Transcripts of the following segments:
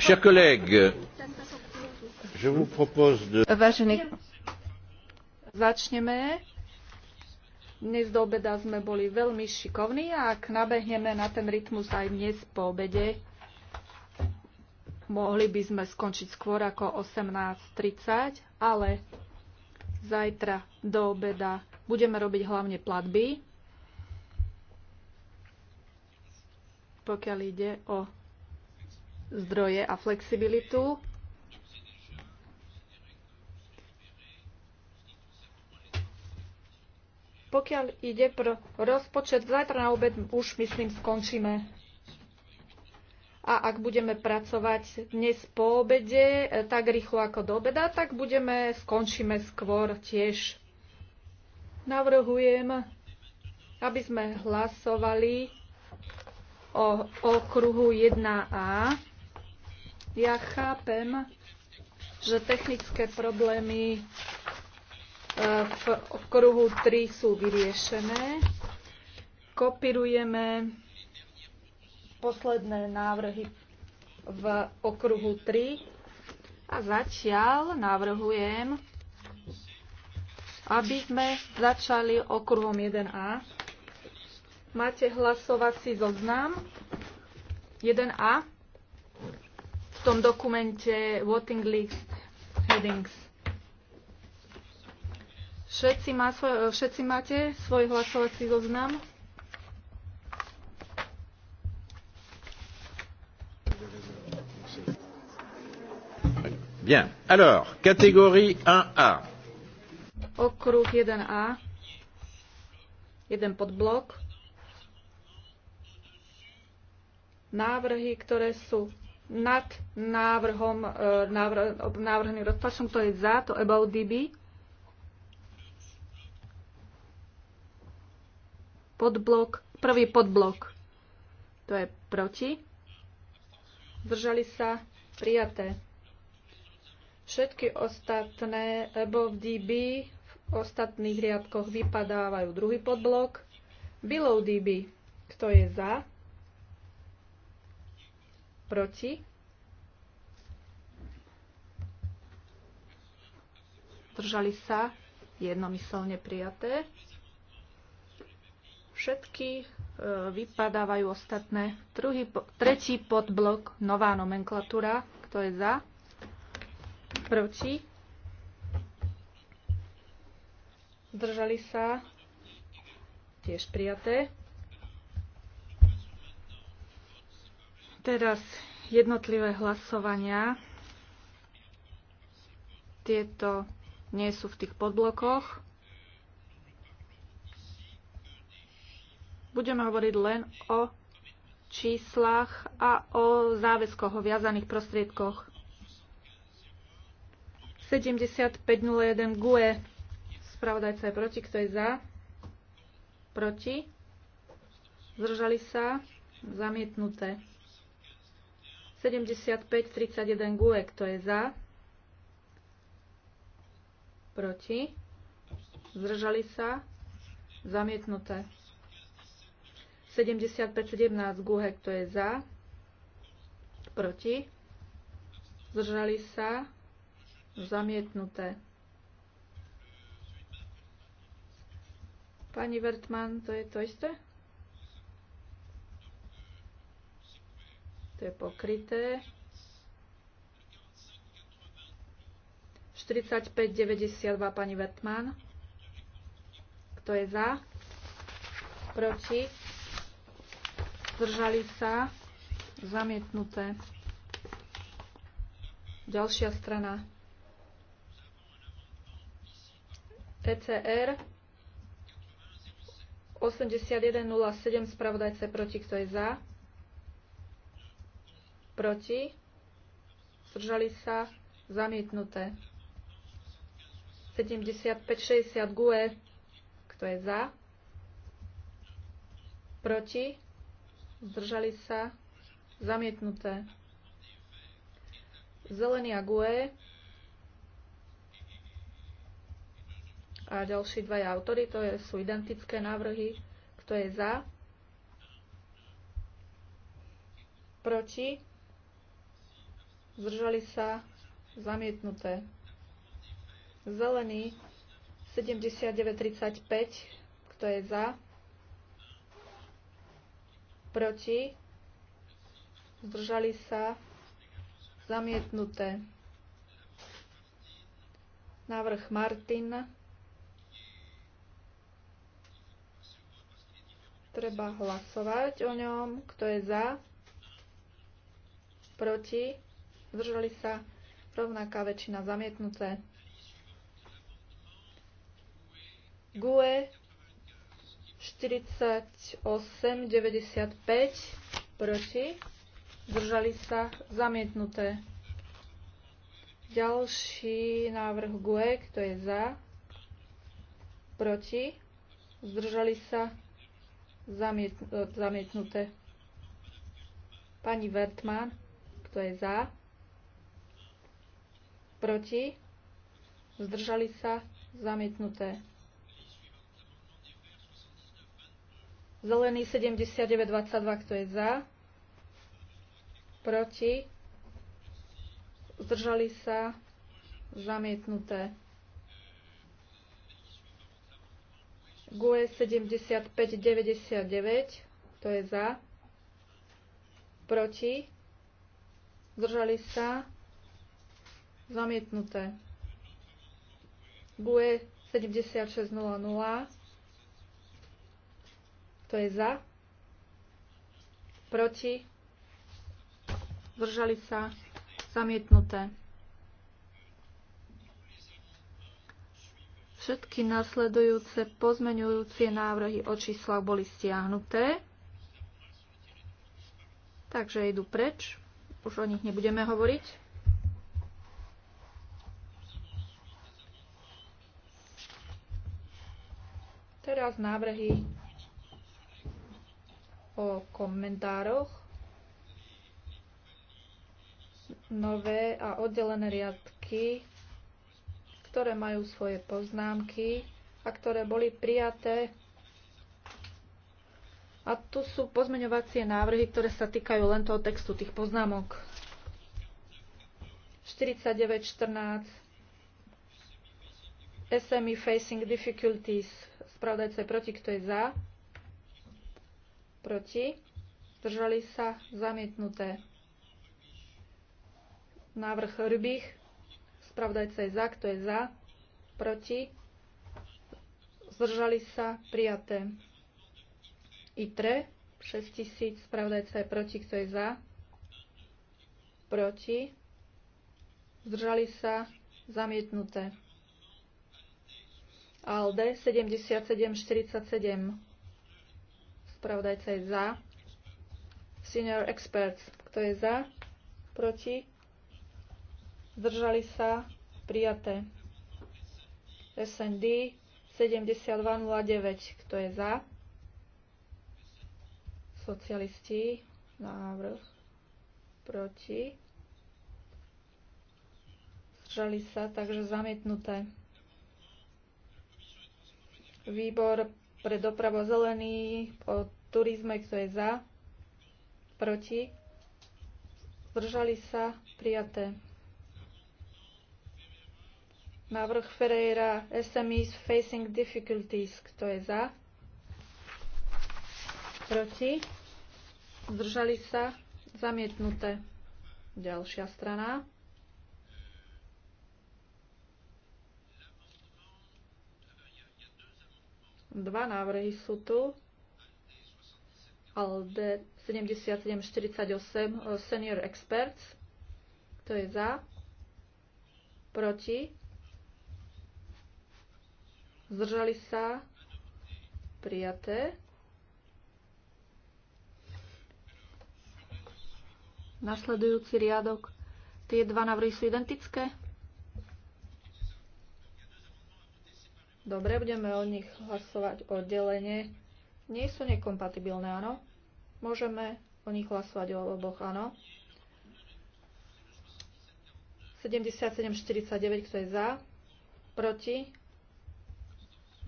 Chers collègues, je vous propose de... Vážení, začneme. Dnes do obeda sme boli veľmi šikovní a ak nabehneme na ten rytmus aj dnes po obede, mohli by sme skončiť skôr ako 18.30, ale zajtra do obeda budeme robiť hlavne platby pokiaľ ide o zdroje a flexibilitu. Pokiaľ ide pro rozpočet, zajtra na obed už, myslím, skončíme. A ak budeme pracovať dnes po obede e, tak rýchlo ako do obeda, tak budeme, skončíme skôr tiež. Navrhujem, aby sme hlasovali o okruhu 1A. Ja chápem, že technické problémy e, v okruhu 3 sú vyriešené. Kopírujeme posledné návrhy v okruhu 3 a zatiaľ navrhujem, aby sme začali okruhom 1A Máte hlasovací zoznam 1A v tom dokumente Voting List Headings. Všetci, má svoj, všetci máte svoj hlasovací zoznam? Bien. Alors, catégorie 1A. Okruh 1A. Jeden podblok. návrhy, ktoré sú nad návrhom, e, návrh, návrhným to je za, to about DB. Podblok, prvý podblok, to je proti. Zdržali sa prijaté. Všetky ostatné above DB v ostatných riadkoch vypadávajú. Druhý podblok, below DB, kto je za, Proti? Držali sa? Jednomyselne prijaté. Všetky e, vypadávajú ostatné. Druhý, tretí podblok, nová nomenklatúra. Kto je za? Proti? Držali sa? Tiež prijaté. Teraz jednotlivé hlasovania. Tieto nie sú v tých podblokoch. Budeme hovoriť len o číslach a o záväzkoch, o viazaných prostriedkoch. 7501 GUE. Spravodajca je proti. Kto je za? Proti. Zdržali sa. Zamietnuté. 75-31 GUE, kto je za? Proti? Zdržali sa? Zamietnuté. 75-17 GUE, kto je za? Proti? Zdržali sa? Zamietnuté. Pani Vertman, to je to isté? To je pokryté. 45,92 pani Vetman. Kto je za? Proti? Zdržali sa? Zamietnuté. Ďalšia strana. ECR 8107 spravodajce proti, kto je za? proti, zdržali sa, zamietnuté. 75-60 GUE, kto je za, proti, zdržali sa, zamietnuté. Zelený a GUE a ďalší dvaja autory, to je, sú identické návrhy, kto je za, proti, zdržali sa, zamietnuté. Zelený 79,35, kto je za, proti, zdržali sa, zamietnuté. Návrh Martin. Treba hlasovať o ňom, kto je za, proti, zdržali sa, rovnaká väčšina zamietnuté. GUE 48,95 proti, zdržali sa, zamietnuté. Ďalší návrh GUE, kto je za, proti, zdržali sa, e, zamietnuté. Pani Vertman, kto je za? proti, zdržali sa, zamietnuté. Zelený 79,22, kto je za, proti, zdržali sa, zamietnuté. GUE 75,99, kto je za, proti, zdržali sa, Zamietnuté. BUE 7600. To je za? Proti? Zdržali sa? Zamietnuté. Všetky nasledujúce pozmeňujúcie návrhy o číslach boli stiahnuté, takže idú preč. Už o nich nebudeme hovoriť. teraz návrhy o komentároch. Nové a oddelené riadky, ktoré majú svoje poznámky a ktoré boli prijaté. A tu sú pozmeňovacie návrhy, ktoré sa týkajú len toho textu, tých poznámok. 49.14 SME Facing Difficulties Spravodajca je proti, kto je za? Proti. Zdržali sa zamietnuté. Návrh rybých. Spravodajca je za, kto je za? Proti. Zdržali sa prijaté. ITRE 6000. Spravodajca je proti, kto je za? Proti. Zdržali sa zamietnuté. ALDE 7747. Spravodajca je za. Senior Experts. Kto je za? Proti? Zdržali sa? Prijaté. SND 7209. Kto je za? Socialisti. Návrh. Proti. Zdržali sa, takže zamietnuté. Výbor pre dopravo zelený o turizme, kto je za, proti, zdržali sa, prijaté. Návrh Ferreira SMEs Facing Difficulties, kto je za, proti, zdržali sa, zamietnuté. Ďalšia strana. Dva návrhy sú tu. ALDE 7748 eh, Senior Experts. Kto je za. Proti. Zdržali sa. Prijaté. Nasledujúci riadok. Tie dva návrhy sú identické. Dobre, budeme o nich hlasovať oddelenie. Nie sú nekompatibilné, áno? Môžeme o nich hlasovať o oboch, áno? 77,49, kto je za? Proti?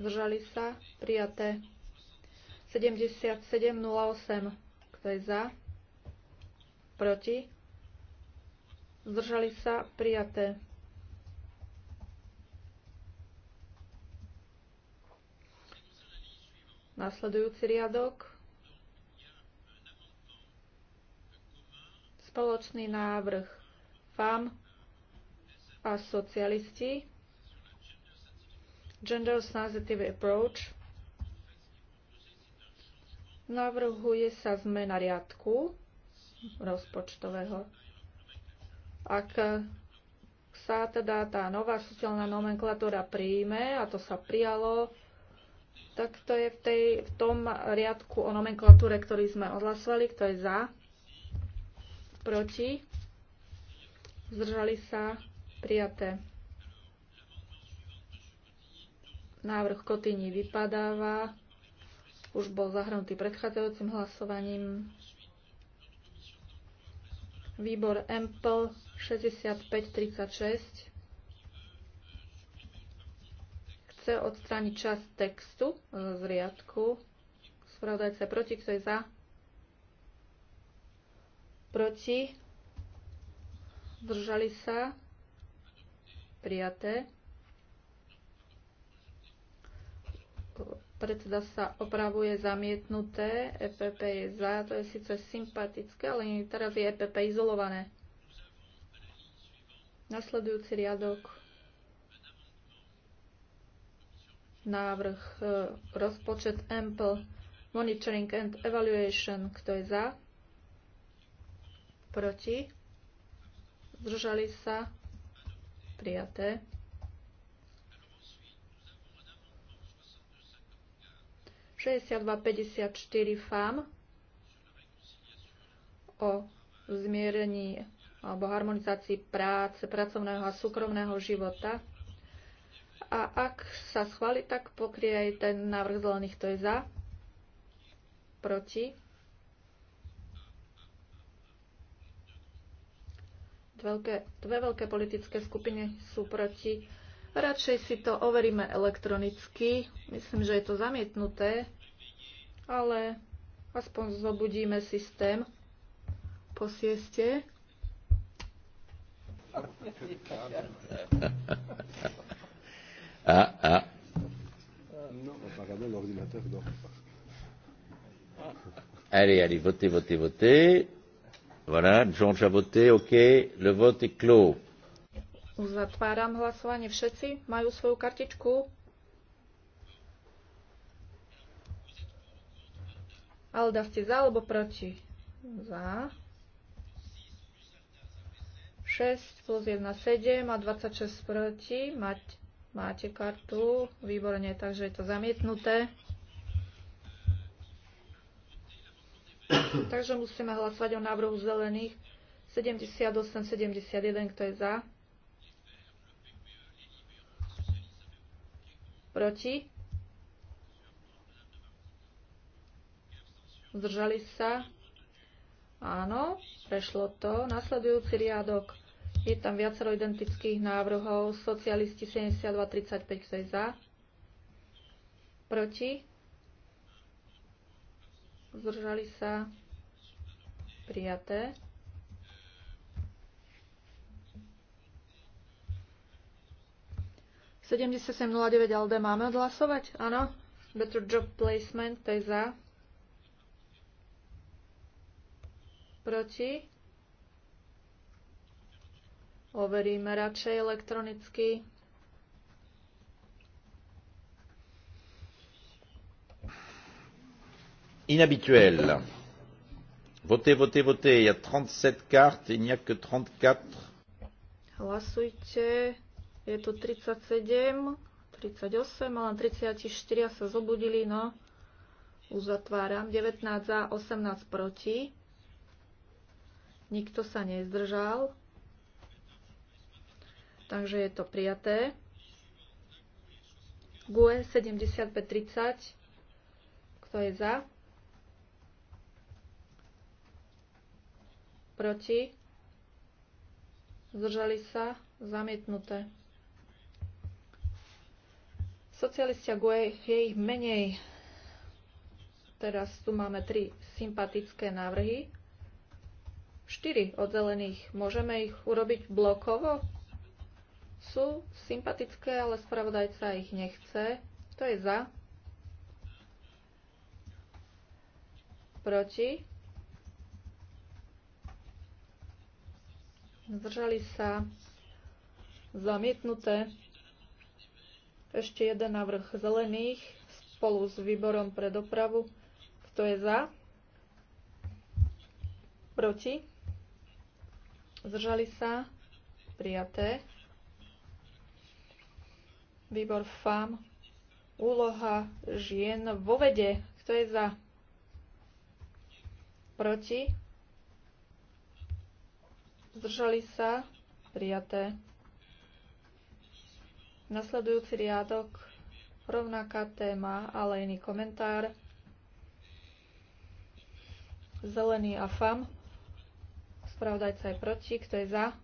Zdržali sa? Prijaté. 77,08, kto je za? Proti? Zdržali sa? Prijaté. Nasledujúci riadok. Spoločný návrh FAM a socialisti. Gender Sensitive Approach. Navrhuje sa zmena riadku rozpočtového. Ak sa teda tá nová sociálna nomenklatúra príjme, a to sa prijalo, tak to je v, tej, v tom riadku o nomenklatúre, ktorý sme odhlasovali. Kto je za? Proti? Zdržali sa? Prijaté. Návrh Kotyni vypadáva. Už bol zahrnutý predchádzajúcim hlasovaním. Výbor MPL 6536 chce odstrániť časť textu e, z riadku. Spravodajca proti, kto je za? Proti. Zdržali sa. Prijaté. Predseda sa opravuje zamietnuté. EPP je za. To je síce sympatické, ale teraz je EPP izolované. Nasledujúci riadok návrh e, rozpočet EMPL Monitoring and Evaluation. Kto je za? Proti? Zdržali sa? Prijaté. ...62,54 FAM o zmierení alebo harmonizácii práce, pracovného a súkromného života a ak sa schváli, tak pokrie aj ten návrh zelených. To je za, proti. Dve veľké, dve veľké politické skupiny sú proti. Radšej si to overíme elektronicky. Myslím, že je to zamietnuté, ale aspoň zobudíme systém po sieste. à, à Allez, allez, votez, votez, votez. Voilà, George a voté, OK. Le vote est clos. Uzatváram hlasovanie. Všetci majú svoju kartičku? Alda, ste za alebo proti? Za. 6 plus 1, 7 a 26 proti. Mať Máte kartu? Výborne, takže je to zamietnuté. takže musíme hlasovať o návrhu zelených 78-71, kto je za. Proti? Zdržali sa? Áno, prešlo to. Nasledujúci riadok je tam viacero identických návrhov. Socialisti 72-35, kto je za? Proti? Zdržali sa? Prijaté. LD máme odhlasovať? Áno. Better Job Placement, to je za. Proti? Overíme radšej elektronicky. Inhabituel. Votez, votez, votez. Il y a 37 cartes, il n'y a que 34. Hlasujte. Je tu 37, 38, ale 34 sa zobudili, no. Uzatváram. 19 za, 18 proti. Nikto sa nezdržal. Takže je to prijaté. GUE 7530. Kto je za? Proti? Zdržali sa? Zamietnuté. Socialistia GUE je ich menej. Teraz tu máme tri sympatické návrhy. 4 od zelených. Môžeme ich urobiť blokovo? sú sympatické, ale spravodajca ich nechce. Kto je za? Proti? Zdržali sa zamietnuté. Ešte jeden návrh zelených spolu s výborom pre dopravu. Kto je za? Proti? Zdržali sa? Prijaté. Výbor FAM. Úloha žien vo vede. Kto je za? Proti? Zdržali sa? Prijaté. Nasledujúci riadok. Rovnaká téma, ale iný komentár. Zelený a FAM. Spravodajca je proti. Kto je za?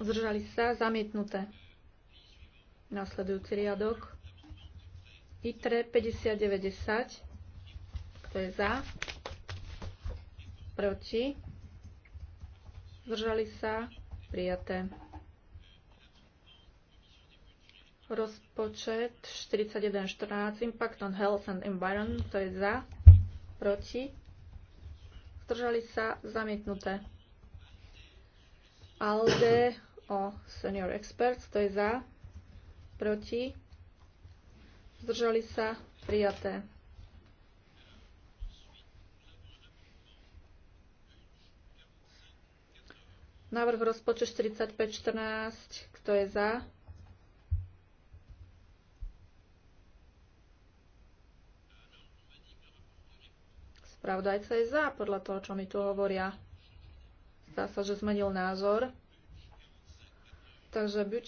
Zdržali sa zamietnuté. Nasledujúci riadok. ITRE 5090. Kto je za? Proti? Zdržali sa? Prijaté. Rozpočet 4114. Impact on Health and Environment. Kto je za? Proti? Zdržali sa? Zamietnuté. ALDE o Senior Experts. To je za, proti, zdržali sa, prijaté. Návrh rozpočet 4514, kto je za? Spravodajca je za, podľa toho, čo mi tu hovoria. Zdá sa, že zmenil názor. Takže byť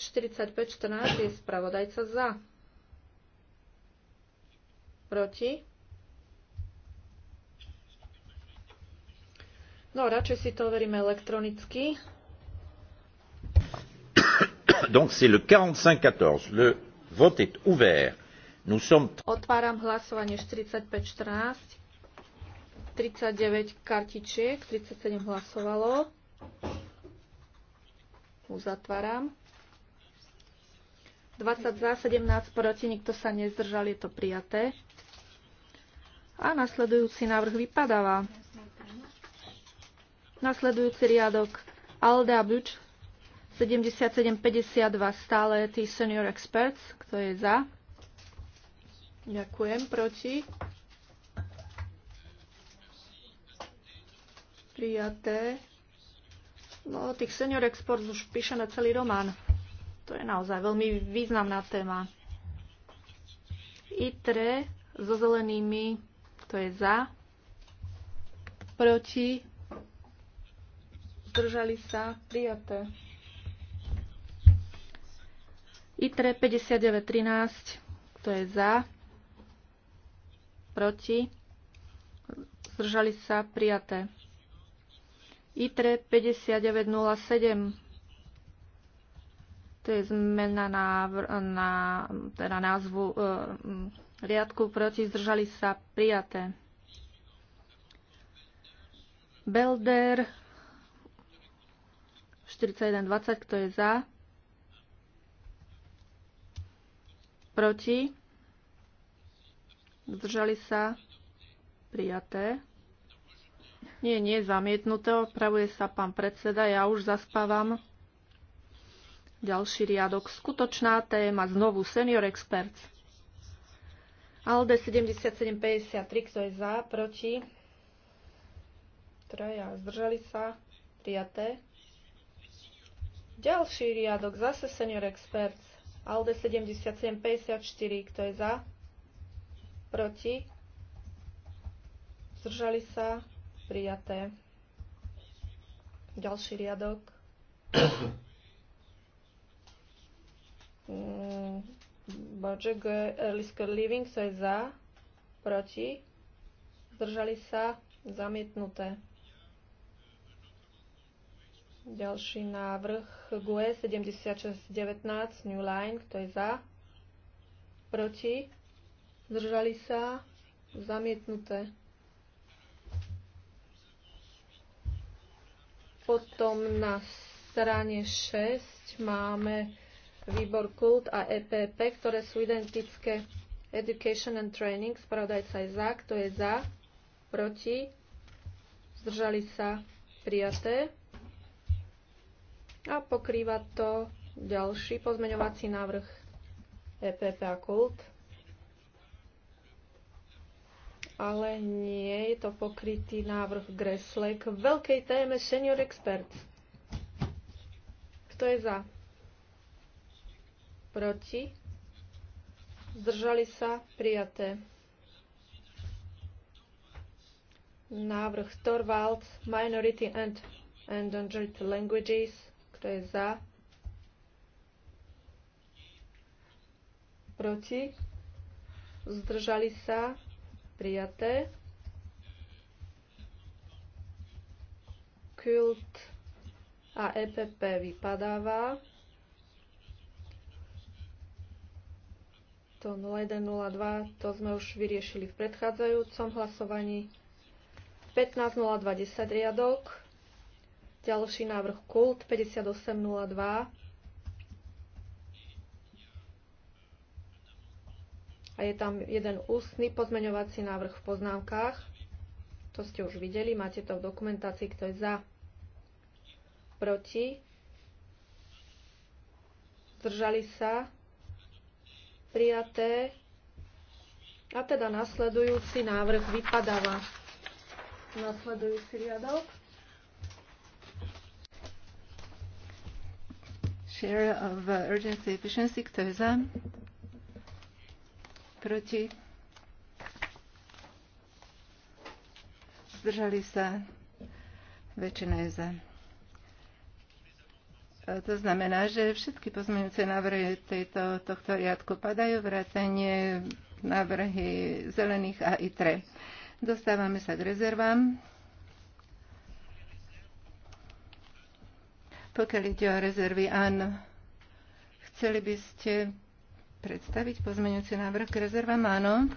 45-14 je spravodajca za. Proti? No, radšej si to overíme elektronicky. Donc c'est le 45-14. Le vote est ouvert. Nous sommes... Otváram hlasovanie 45-14. 39 kartičiek, 37 hlasovalo. Uzatváram. 20 za, 17 proti, nikto sa nezdržal, je to prijaté. A nasledujúci návrh vypadáva. Nasledujúci riadok Alda Buč 7752 stále tí senior experts, kto je za. Ďakujem, proti. Prijaté. No, tých senior export už píše na celý román. To je naozaj veľmi významná téma. ITRE so zelenými, to je za, proti, zdržali sa, prijaté. ITRE 5913, to je za, proti, zdržali sa, prijaté. ITRE 5907. To je zmena na, na teda názvu e, riadku proti zdržali sa prijaté. Belder 4120, kto je za? Proti? Zdržali sa? Prijaté. Nie, nie, zamietnuté. Opravuje sa pán predseda, ja už zaspávam. Ďalší riadok. Skutočná téma. Znovu senior experts. ALDE 7753, kto je za, proti? Traja, zdržali sa, prijaté. Ďalší riadok, zase senior experts. ALDE 7754, kto je za, proti? Zdržali sa, prijaté. Ďalší riadok. Mm, Božek eh, Lisker Living, sa je za, proti, zdržali sa, zamietnuté. Ďalší návrh GUE 7619 New Line, kto je za, proti, zdržali sa, zamietnuté. Potom na strane 6 máme výbor KULT a EPP, ktoré sú identické. Education and Training, spravodajca je za, kto je za, proti, zdržali sa prijaté. A pokrýva to ďalší pozmeňovací návrh EPP a KULT. ale nie je to pokrytý návrh Gresle k veľkej téme Senior Experts. Kto je za? Proti? Zdržali sa? Prijaté. Návrh Torvalds, Minority and Endangered Languages. Kto je za? Proti? Zdržali sa? prijaté. Kult a EPP vypadáva. To 0102, to sme už vyriešili v predchádzajúcom hlasovaní. 10, riadok. Ďalší návrh kult 5802 A je tam jeden ústny pozmeňovací návrh v poznámkach. To ste už videli, máte to v dokumentácii, kto je za, proti, zdržali sa, prijaté. A teda nasledujúci návrh vypadáva. Nasledujúci riadok. Share of urgency efficiency, kto je za? proti, zdržali sa, väčšina je za. To znamená, že všetky pozmeňujúce návrhy tejto, tohto riadku padajú, vrátanie návrhy zelených a ITRE. Dostávame sa k rezervám. Pokiaľ ide o rezervy, áno, chceli by ste predstaviť pozmeňujúci návrh k rezervám? Áno.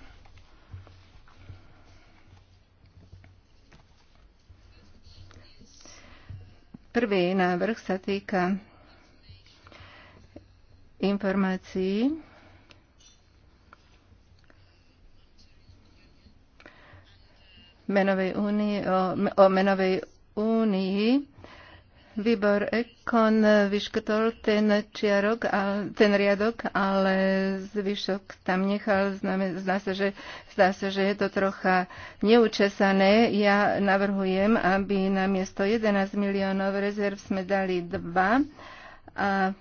Prvý návrh sa týka informácií menovej únie, o, o menovej únii Výbor Ekon vyškrtol ten čiarok, a, ten riadok, ale zvyšok tam nechal. zdá, sa, že, zdá sa, že je to trocha neučesané. Ja navrhujem, aby na miesto 11 miliónov rezerv sme dali 2 a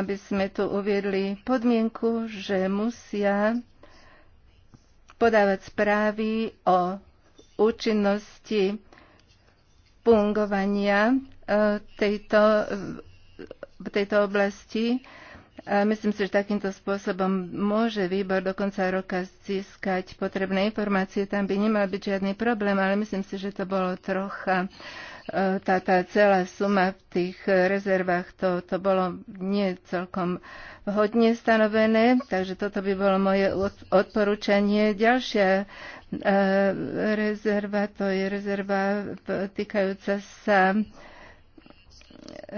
aby sme tu uviedli podmienku, že musia podávať správy o účinnosti fungovania e, tejto, v tejto oblasti. A myslím si, že takýmto spôsobom môže výbor do konca roka získať potrebné informácie. Tam by nemal byť žiadny problém, ale myslím si, že to bolo trocha e, tá, tá celá suma v tých rezervách, to, to bolo nie celkom hodne stanovené, takže toto by bolo moje odporúčanie. Ďalšia E, rezerva, to je rezerva týkajúca sa e,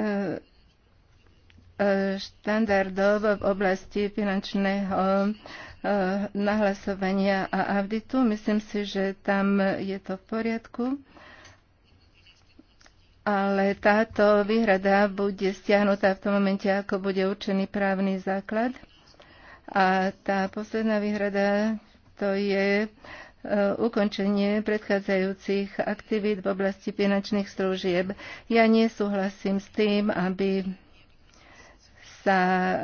e, štandardov v oblasti finančného nahlasovania a auditu. Myslím si, že tam je to v poriadku. Ale táto výhrada bude stiahnutá v tom momente, ako bude určený právny základ. A tá posledná výhrada to je uh, Eh, ukončenie predchádzajúcich aktivít v oblasti finančných služieb. Ja nesúhlasím s tým, aby sa eh,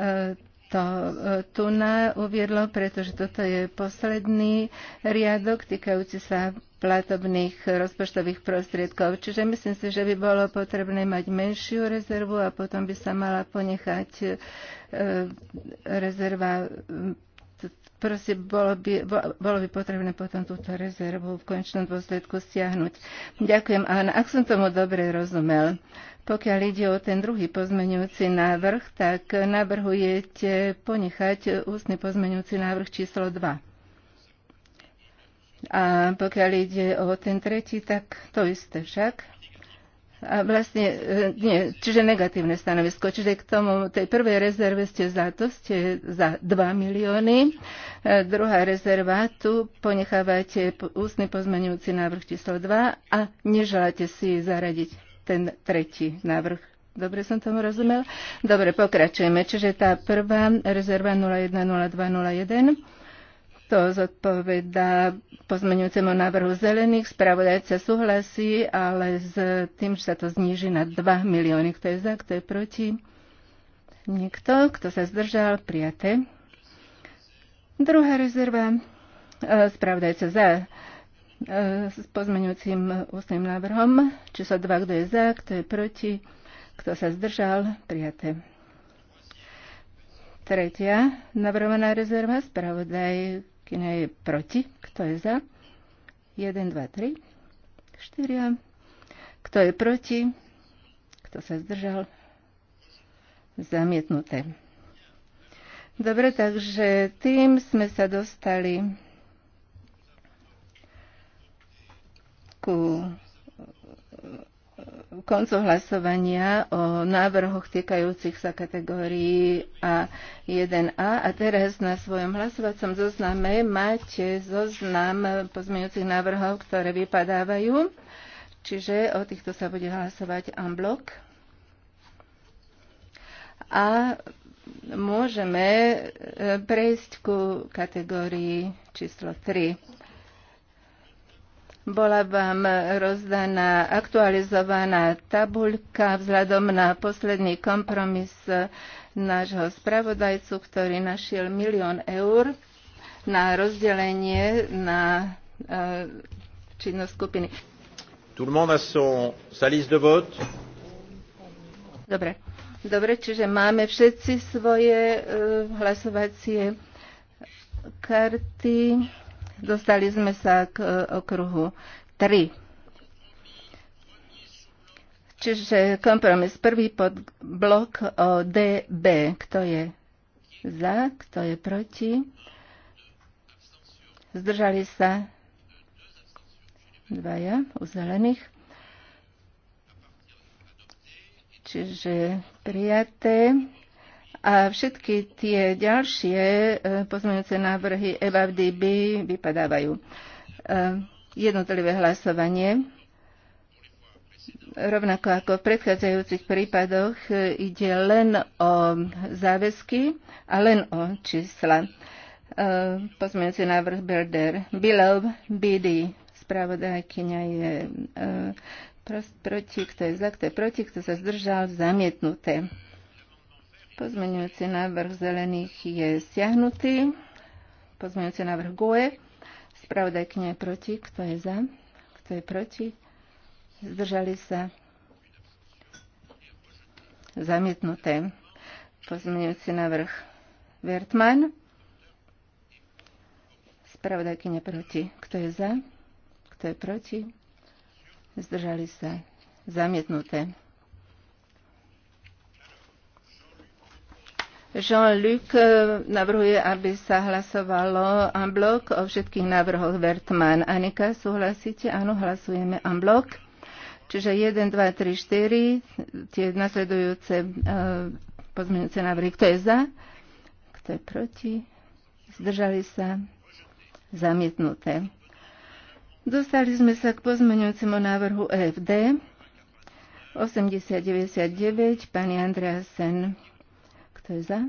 to eh, tu na uviedlo, pretože toto je posledný riadok týkajúci sa platobných rozpočtových prostriedkov. Čiže myslím si, že by bolo potrebné mať menšiu rezervu a potom by sa mala ponechať rezerva Prosím, bolo by, bolo by potrebné potom túto rezervu v konečnom dôsledku stiahnuť. Ďakujem, ale Ak som tomu dobre rozumel, pokiaľ ide o ten druhý pozmeňujúci návrh, tak navrhujete ponechať ústny pozmeňujúci návrh číslo 2. A pokiaľ ide o ten tretí, tak to isté však. A vlastne, e, nie, čiže negatívne stanovisko. Čiže k tomu tej prvej rezerve ste za to, ste za 2 milióny. A e, druhá rezerva, tu ponechávate ústny pozmenujúci návrh číslo 2 a neželáte si zaradiť ten tretí návrh. Dobre som tomu rozumel? Dobre, pokračujeme. Čiže tá prvá rezerva 010201 to zodpoveda pozmeňujúcemu návrhu zelených. Spravodajca súhlasí, ale s tým, že sa to zníži na 2 milióny. Kto je za, kto je proti? Nikto. Kto sa zdržal? Prijaté. Druhá rezerva. E, spravodajca za e, s pozmeňujúcim ústnym návrhom. Číslo 2, kto je za, kto je proti, kto sa zdržal, prijaté. Tretia navrhovaná rezerva, spravodaj spravodajkyňa je proti. Kto je za? 1, 2, 3, 4. Kto je proti? Kto sa zdržal? Zamietnuté. Dobre, takže tým sme sa dostali ku koncu hlasovania o návrhoch týkajúcich sa kategórií A1A a teraz na svojom hlasovacom zozname máte zoznam pozmeňujúcich návrhov, ktoré vypadávajú, čiže o týchto sa bude hlasovať en bloc. A môžeme e, prejsť ku kategórii číslo 3. Bola vám rozdaná aktualizovaná tabuľka vzhľadom na posledný kompromis nášho spravodajcu, ktorý našiel milión eur na rozdelenie na e, činnosť skupiny. Tout le monde a son, sa liste de vote? Dobre. Dobre, čiže máme všetci svoje uh, hlasovacie karty. Dostali sme sa k e, okruhu 3. Čiže kompromis. Prvý pod blok o DB. Kto je za, kto je proti? Zdržali sa dvaja u zelených. Čiže prijaté. A všetky tie ďalšie e, pozmeňujúce návrhy EVAVDB vypadávajú. E, jednotlivé hlasovanie. Rovnako ako v predchádzajúcich prípadoch e, ide len o záväzky a len o čísla. Pozmeňujúci návrh Belder. Bilov BD. Spravodajkyňa je proti, kto je za, kto je proti, kto sa zdržal, zamietnuté. Pozmeňujúci návrh zelených je stiahnutý. Pozmeňujúci návrh GUE. Spravodajkňa je proti. Kto je za? Kto je proti? Zdržali sa. Zamietnuté. Pozmeňujúci návrh Vertman. Spravodajkyňa proti. Kto je za? Kto je proti? Zdržali sa. Zamietnuté. Jean-Luc eh, navrhuje, aby sa hlasovalo en bloc o všetkých návrhoch Vertman. Anika, súhlasíte? Áno, hlasujeme en bloc. Čiže 1, 2, 3, 4, tie nasledujúce eh, pozmeňujúce návrhy. Kto je za? Kto je proti? Zdržali sa? Zamietnuté. Dostali sme sa k pozmeňujúcemu návrhu EFD 8099, pani Andreasen. Kto je za?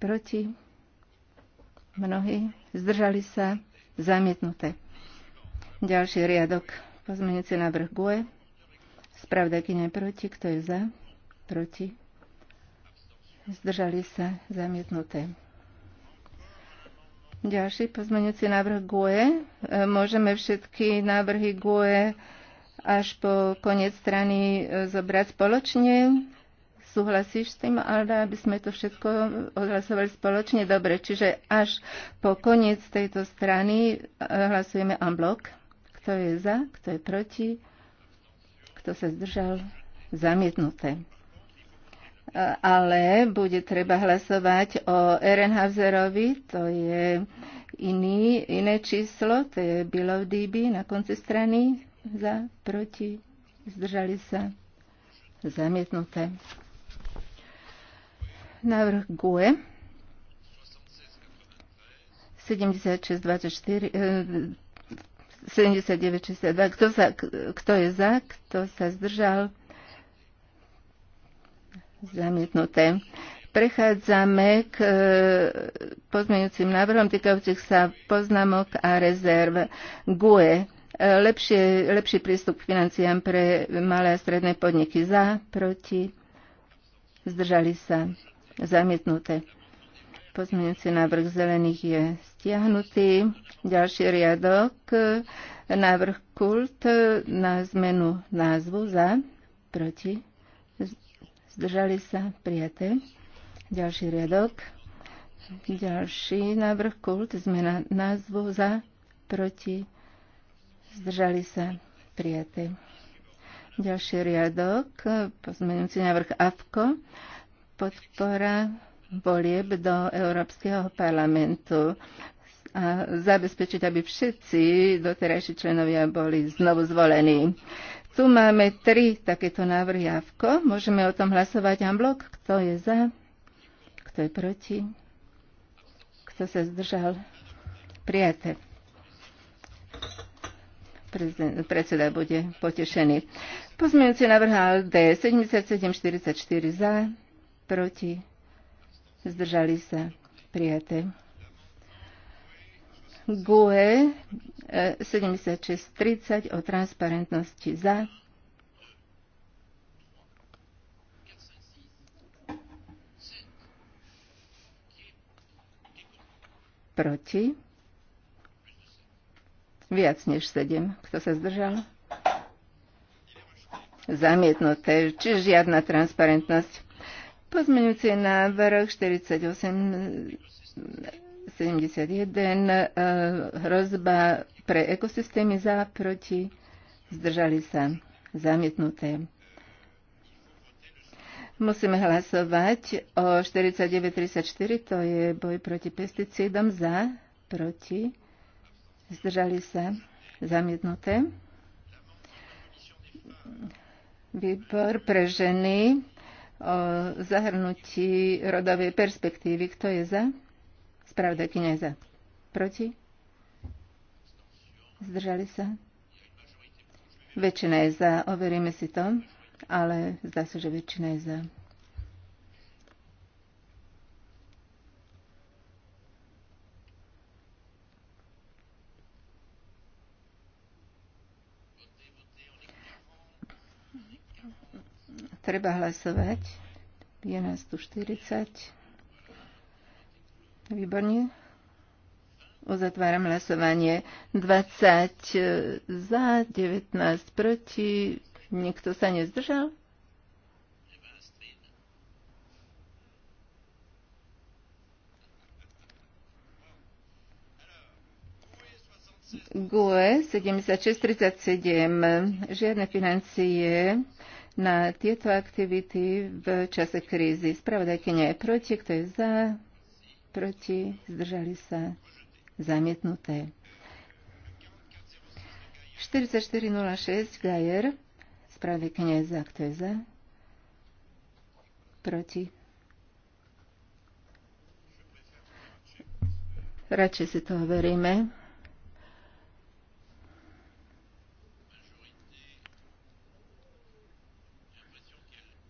Proti? Mnohí? Zdržali sa? Zamietnuté. Ďalší riadok. Pozmenujúci návrh GUE. Spravdakyňa proti. Kto je za? Proti. Zdržali sa? Zamietnuté. Ďalší pozmenujúci návrh GUE. E, môžeme všetky návrhy GUE až po koniec strany e, zobrať spoločne. Súhlasíš s tým, ale aby sme to všetko odhlasovali spoločne? Dobre, čiže až po koniec tejto strany eh, hlasujeme en blok. Kto je za, kto je proti, kto sa zdržal, zamietnuté. Eh, ale bude treba hlasovať o Ehrenhauserovi, to je iný, iné číslo, to je below DB na konci strany, za, proti, zdržali sa, zamietnuté. Návrh GUE 7624 7962. Eh, kto, kto je za, kto sa zdržal? Zamietnuté. Prechádzame k eh, pozmeňujúcim návrhom týkajúcich sa poznámok a rezerv GUE. Eh, lepšie, lepší prístup k financiám pre malé a stredné podniky za, proti, zdržali sa zamietnuté. Pozmeňujúci návrh zelených je stiahnutý. Ďalší riadok, návrh kult na zmenu názvu za, proti, zdržali sa, prijaté. Ďalší riadok, ďalší návrh kult, zmena názvu za, proti, zdržali sa, prijaté. Ďalší riadok, pozmeňujúci návrh AFKO, podpora volieb do Európskeho parlamentu a zabezpečiť, aby všetci doterajší členovia boli znovu zvolení. Tu máme tri takéto návrhy javko. Môžeme o tom hlasovať amblok. blok. Kto je za? Kto je proti? Kto sa zdržal? Prijaté. Predseda bude potešený. Pozmejúci návrh ALD 7744 za, proti, zdržali sa, prijaté. GUE 7630 eh, o transparentnosti za, proti, viac než 7, kto sa zdržal? Zamietnuté, Čiže žiadna transparentnosť. Pozmeňujúci návrh 4871, eh, hrozba pre ekosystémy za, proti, zdržali sa, zamietnuté. Musíme hlasovať o 49.34, to je boj proti pesticídom za, proti, zdržali sa, zamietnuté. Výbor pre ženy o zahrnutí rodovej perspektívy. Kto je za? Spravodajkyňa je za. Proti? Zdržali sa? Väčšina je za, overíme si to, ale zdá sa, že väčšina je za. Treba hlasovať. Je nás tu 40. Výborne. Uzatváram hlasovanie. 20 e, za, 19 proti. Nikto sa nezdržal? GUE 7637, žiadne financie, na tieto aktivity v čase krízy. Spravodajkynia je proti, kto je za, proti, zdržali sa, zamietnuté. 4406 Gajer, spravodajkynia je za, kto je za, proti. Radšej si to overíme.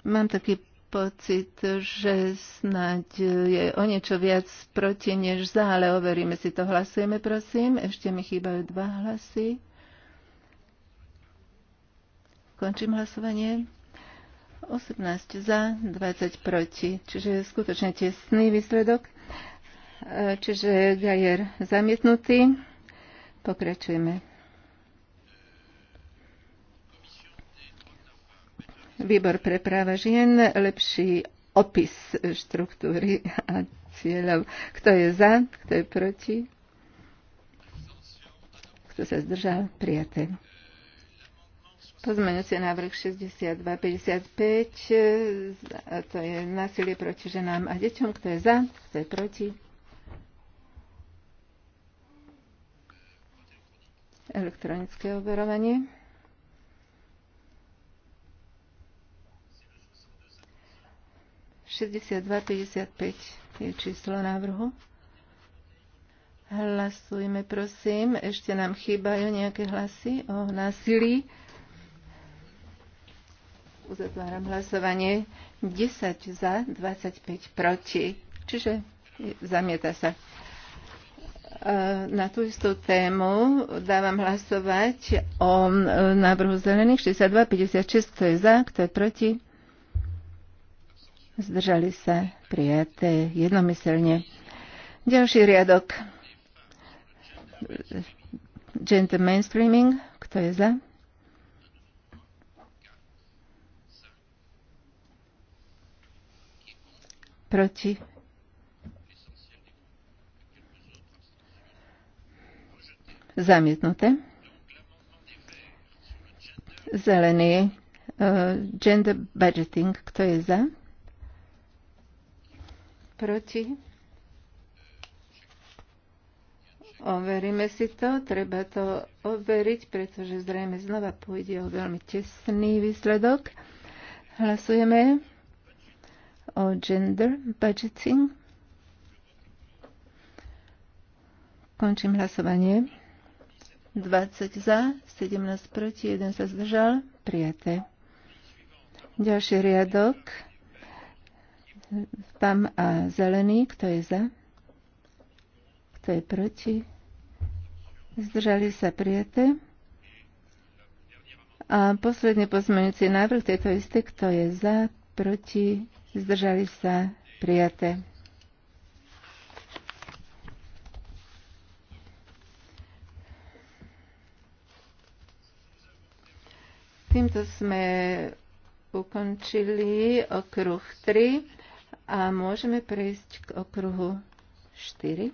Mám taký pocit, že snáď je o niečo viac proti než za, ale overíme si to. Hlasujeme, prosím. Ešte mi chýbajú dva hlasy. Končím hlasovanie. 18 za, 20 proti. Čiže skutočne tesný výsledok. E, čiže Gajer zamietnutý. Pokračujeme. výbor pre práva žien lepší opis štruktúry a cieľov. Kto je za, kto je proti? Kto sa zdržal? Prijaté. Pozmeňujúci návrh 6255, to je násilie proti ženám a deťom. Kto je za, kto je proti? Elektronické overovanie. 62,55 je číslo návrhu. Hlasujme, prosím. Ešte nám chýbajú nejaké hlasy o násilí. Uzatváram hlasovanie. 10 za, 25 proti. Čiže zamieta sa. E, na tú istú tému dávam hlasovať o návrhu zelených 62,56. Kto je za, kto je proti? zdržali sa prijaté jednomyselne. Ďalší riadok. Gentle mainstreaming, kto je za? Proti? Zamietnuté. Zelený. Uh, Gender budgeting, kto je za? proti. Overíme si to, treba to overiť, pretože zrejme znova pôjde o veľmi tesný výsledok. Hlasujeme o gender budgeting. Končím hlasovanie. 20 za, 17 proti, 1 sa zdržal. Prijaté. Ďalší riadok. Tam a zelený, kto je za, kto je proti, zdržali sa prijaté. A posledný pozmeňujúci návrh to isté, kto je za, proti, zdržali sa prijaté. Týmto sme ukončili okruh 3 a môžeme prejsť k okruhu 4.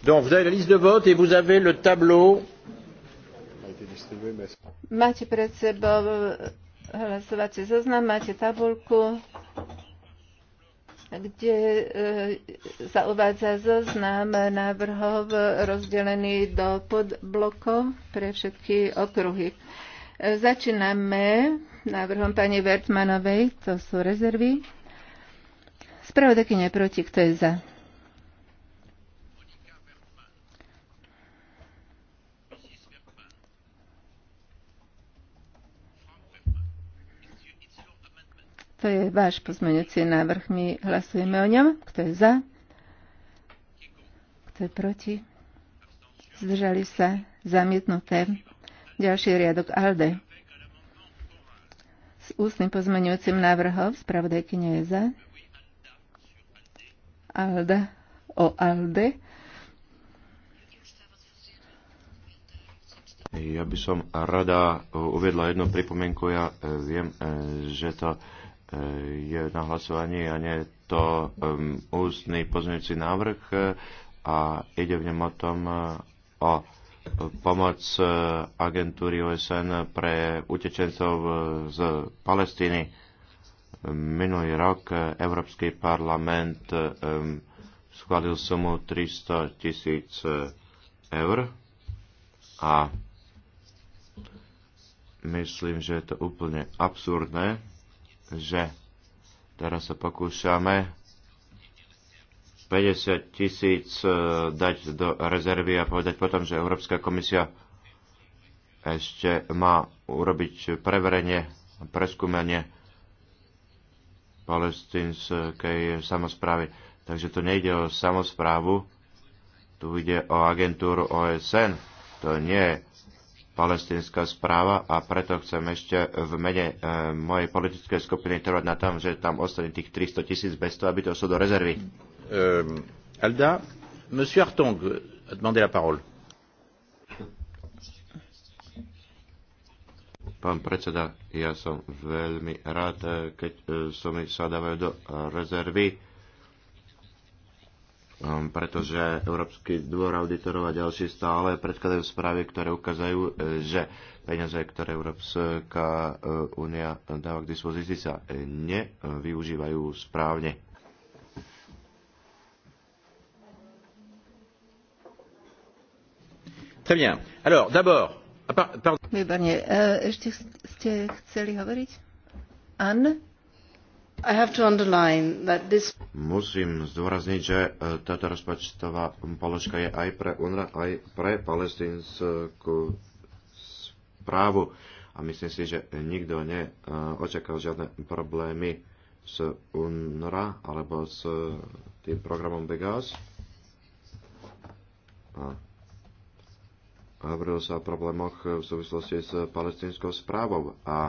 Donc vous avez la liste de vote et vous avez le tableau. Máte pred sebou hlasovací zoznam, máte tabulku, kde e, sa uvádza zoznam návrhov rozdelený do podblokov pre všetky okruhy. E, začíname návrhom pani Vertmanovej, to sú rezervy. Spravodekyne proti, kto je za? To je váš pozmeňujúci návrh. My hlasujeme o ňom. Kto je za? Kto je proti? Zdržali sa zamietnuté. Ďalší riadok ALDE. S ústnym pozmeňujúcim návrhom nie je za. ALDA o ALDE. Ja by som rada uviedla jednu pripomienku. Ja eh, viem, eh, že to je na hlasovaní a nie je to um, ústny pozmeňujúci návrh a ide v ňom o tom uh, o pomoc uh, agentúry OSN pre utečencov uh, z Palestíny. Minulý rok Európsky parlament um, schválil sumu 300 tisíc eur a myslím, že je to úplne absurdné, že teraz sa pokúšame 50 tisíc e, dať do rezervy a povedať potom, že Európska komisia ešte má urobiť preverenie, preskúmanie palestinskej samozprávy. Takže tu nejde o samozprávu, tu ide o agentúru OSN. To nie je palestinská správa a preto chcem ešte v mene e, mojej politickej skupiny trvať na tom, že tam ostane tých 300 tisíc bez toho, aby to sú do rezervy. Um, ehm, Alda, monsieur Artong a demandé la parole. Pán predseda, ja som veľmi rád, e, keď e, sa mi sa dávajú do rezervy Um, pretože Európsky dvor auditorov a ďalší stále predkladajú správy, ktoré ukazujú, e, že peniaze, ktoré Európska e, únia dáva k dispozícii, sa e, nevyužívajú správne. Très bien. Alors, d'abord, Výborne. Ešte ste chceli hovoriť? Anne? Musím zdôrazniť, že e, táto rozpočtová položka je aj pre UNRWA, aj pre palestínsku správu. A myslím si, že nikto neočakal e, žiadne problémy s UNRWA alebo s e, tým programom Begas. A hovorilo sa o problémoch v súvislosti s palestínskou správou. A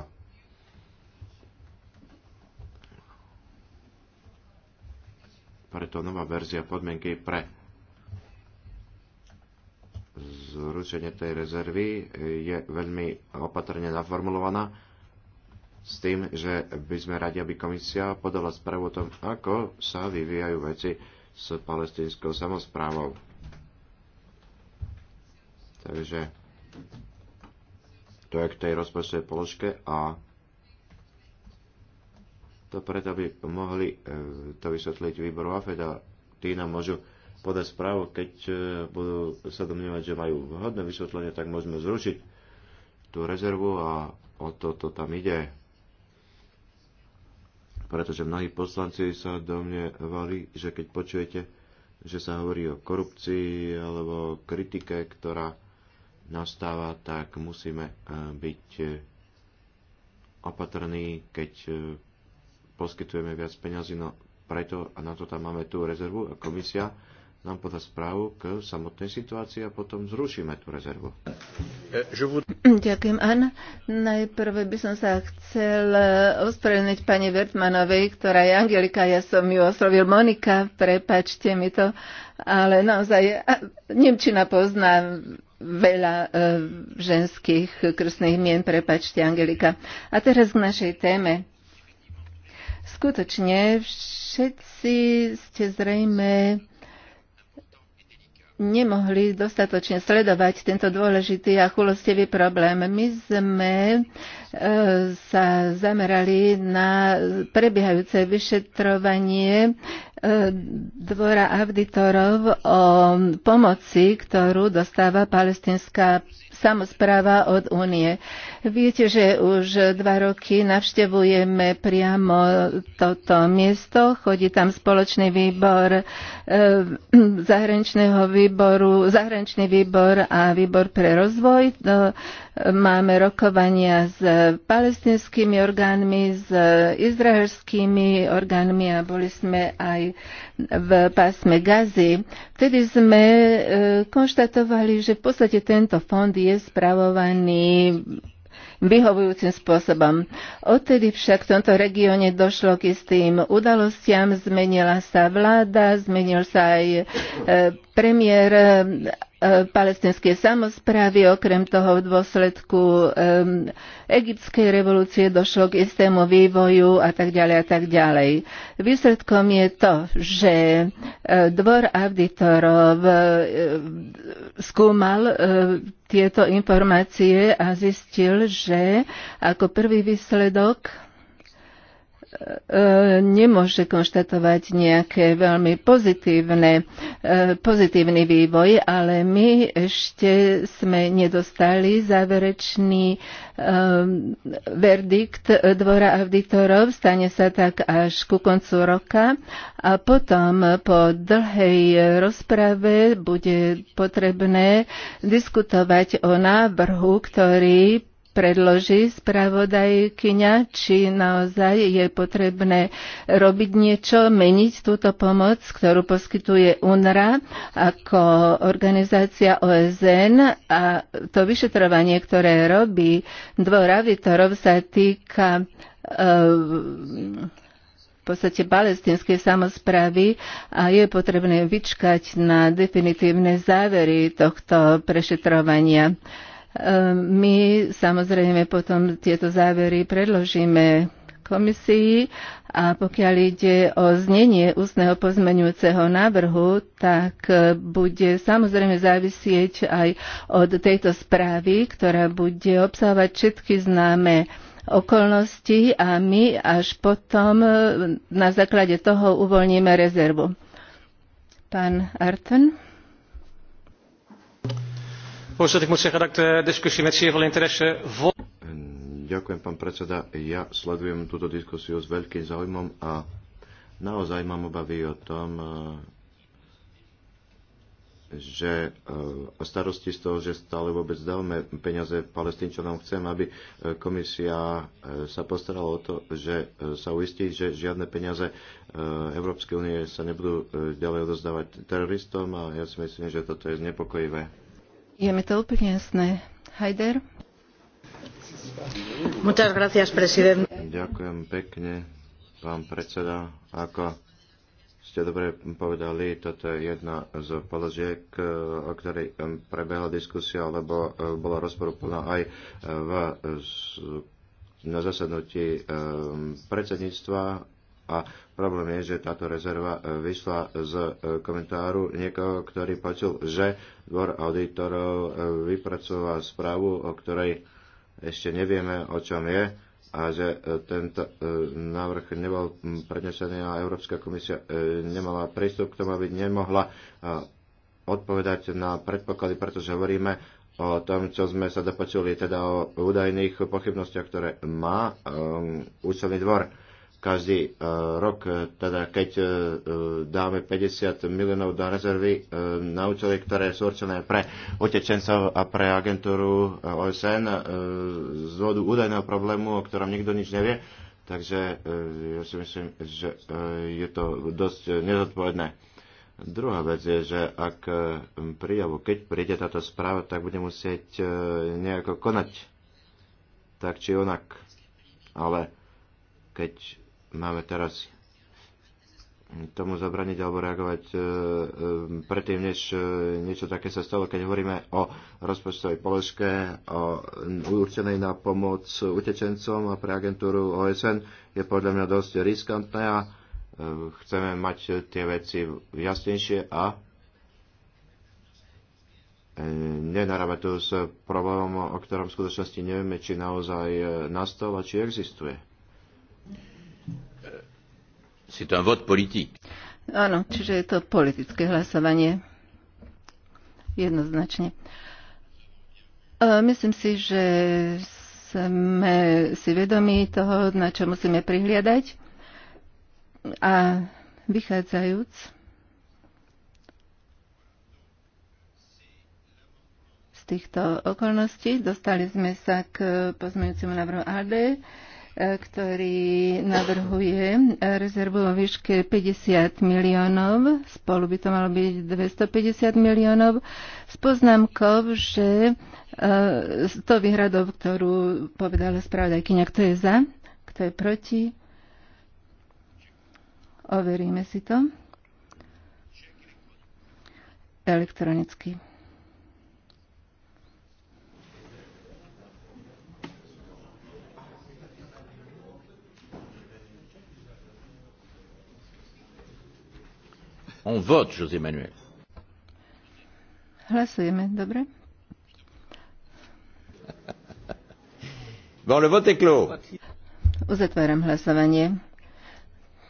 to nová verzia podmienky pre zručenie tej rezervy je veľmi opatrne naformulovaná s tým, že by sme radi, aby komisia podala správu o tom, ako sa vyvíjajú veci s palestinskou samozprávou. Takže to je k tej rozpočtovej položke a to preto, aby mohli e, to vysvetliť výboru AFED a tí nám môžu podať správu, keď e, budú sa domnievať, že majú vhodné vysvetlenie, tak môžeme zrušiť tú rezervu a o to, to tam ide. Pretože mnohí poslanci sa do mne valí, že keď počujete, že sa hovorí o korupcii alebo kritike, ktorá nastáva, tak musíme e, byť opatrní, keď poskytujeme viac peňazí, no preto a na to tam máme tú rezervu a komisia nám podá správu k samotnej situácii a potom zrušíme tú rezervu. E, Ďakujem, Anna. Najprv by som sa chcel ospravedlniť pani Vertmanovej, ktorá je Angelika, ja som ju oslovil Monika, prepačte mi to, ale naozaj Nemčina pozná veľa e, ženských krstných mien, prepačte Angelika. A teraz k našej téme. Skutočne, všetci ste zrejme nemohli dostatočne sledovať tento dôležitý a chulostivý problém. My sme e, sa zamerali na prebiehajúce vyšetrovanie e, dvora auditorov o pomoci, ktorú dostáva palestinská samozpráva od únie. Viete, že už dva roky navštevujeme priamo toto miesto. Chodí tam spoločný výbor eh, zahraničného výboru, zahraničný výbor a výbor pre rozvoj. Máme rokovania s palestinskými orgánmi, s izraelskými orgánmi a boli sme aj v pásme Gazy. Vtedy sme e, konštatovali, že v podstate tento fond je spravovaný vyhovujúcim spôsobom. Odtedy však v tomto regióne došlo k istým udalostiam, zmenila sa vláda, zmenil sa aj e, premiér e, palestinskej samozprávy. Okrem toho v dôsledku um, egyptskej revolúcie došlo k istému vývoju a tak ďalej a tak ďalej. Výsledkom je to, že dvor auditorov skúmal tieto informácie a zistil, že že ako prvý výsledok e, nemôže konštatovať nejaké veľmi pozitívne, e, pozitívny vývoj, ale my ešte sme nedostali záverečný e, verdikt Dvora auditorov. Stane sa tak až ku koncu roka a potom po dlhej rozprave bude potrebné diskutovať o návrhu, ktorý predloží spravodajkyňa, či naozaj je potrebné robiť niečo, meniť túto pomoc, ktorú poskytuje UNRA ako organizácia OSN a to vyšetrovanie, ktoré robí dvora Vitorov sa týka um, v podstate palestinskej samozpravy a je potrebné vyčkať na definitívne závery tohto prešetrovania. My samozrejme potom tieto závery predložíme komisii a pokiaľ ide o znenie ústneho pozmeňujúceho návrhu, tak bude samozrejme závisieť aj od tejto správy, ktorá bude obsahovať všetky známe okolnosti a my až potom na základe toho uvoľníme rezervu. Pán Arten. Voorzitter, ik moet zeggen dat ik de discussie met zeer veel interesse volg. Ďakujem, pán predseda. Ja sledujem túto diskusiu s veľkým záujmom a naozaj mám obavy o tom, eh, že o eh, starosti z toho, že stále vôbec dávame peniaze palestínčanom, chcem, aby eh, komisia sa postarala o to, že sa uistí, že žiadne peniaze Európskej únie sa nebudú ďalej odozdávať teroristom a ja si myslím, že toto je znepokojivé. Je mi to úplne jasné. Hajder? Ďakujem pekne, pán predseda. Ako ste dobre povedali, toto je jedna z položiek, eh, o ktorej eh, prebehla diskusia, lebo eh, bola rozporúplná aj v, na zasadnutí predsedníctva a problém je, že táto rezerva e, vyšla z e, komentáru niekoho, ktorý počul, že dvor auditorov e, vypracoval správu, o ktorej ešte nevieme, o čom je a že tento návrh nebol prednesený a Európska komisia nemala prístup k tomu, aby nemohla odpovedať na predpoklady, pretože hovoríme o tom, čo sme sa dopočuli, teda o údajných pochybnostiach, ktoré má um, účelný dvor každý e, rok, e, teda keď e, dáme 50 miliónov do rezervy na účely, ktoré sú určené pre otečencov a pre agentúru OSN z dôvodu údajného problému, o ktorom nikto nič nevie. Takže ja si myslím, že je to dosť nezodpovedné. Druhá vec je, že ak príde, alebo keď príde táto správa, tak bude musieť nejako konať tak či onak. Ale keď máme teraz tomu zabraniť alebo reagovať e, e, predtým, než e, niečo také sa stalo, keď hovoríme o rozpočtovej položke, o určenej na pomoc utečencom a pre agentúru OSN, je podľa mňa dosť riskantné a chceme mať tie veci jasnejšie a nenarábať tu s problémom, o ktorom v skutočnosti nevieme, či naozaj nastal a či existuje. C'est un vote politique. Áno, čiže je to politické hlasovanie. Jednoznačne. E, myslím si, že sme si vedomi toho, na čo musíme prihliadať. A vychádzajúc z týchto okolností, dostali sme sa k pozmeňujúcemu návrhu AD ktorý navrhuje rezervu o výške 50 miliónov, spolu by to malo byť 250 miliónov, s poznámkou, že z e, to výhradov, ktorú povedala spravodajkyňa, kto je za, kto je proti, overíme si to elektronicky. On vote, José Manuel. Hlasujeme, dobre? Bon, le vote est clos. Uzatváram hlasovanie.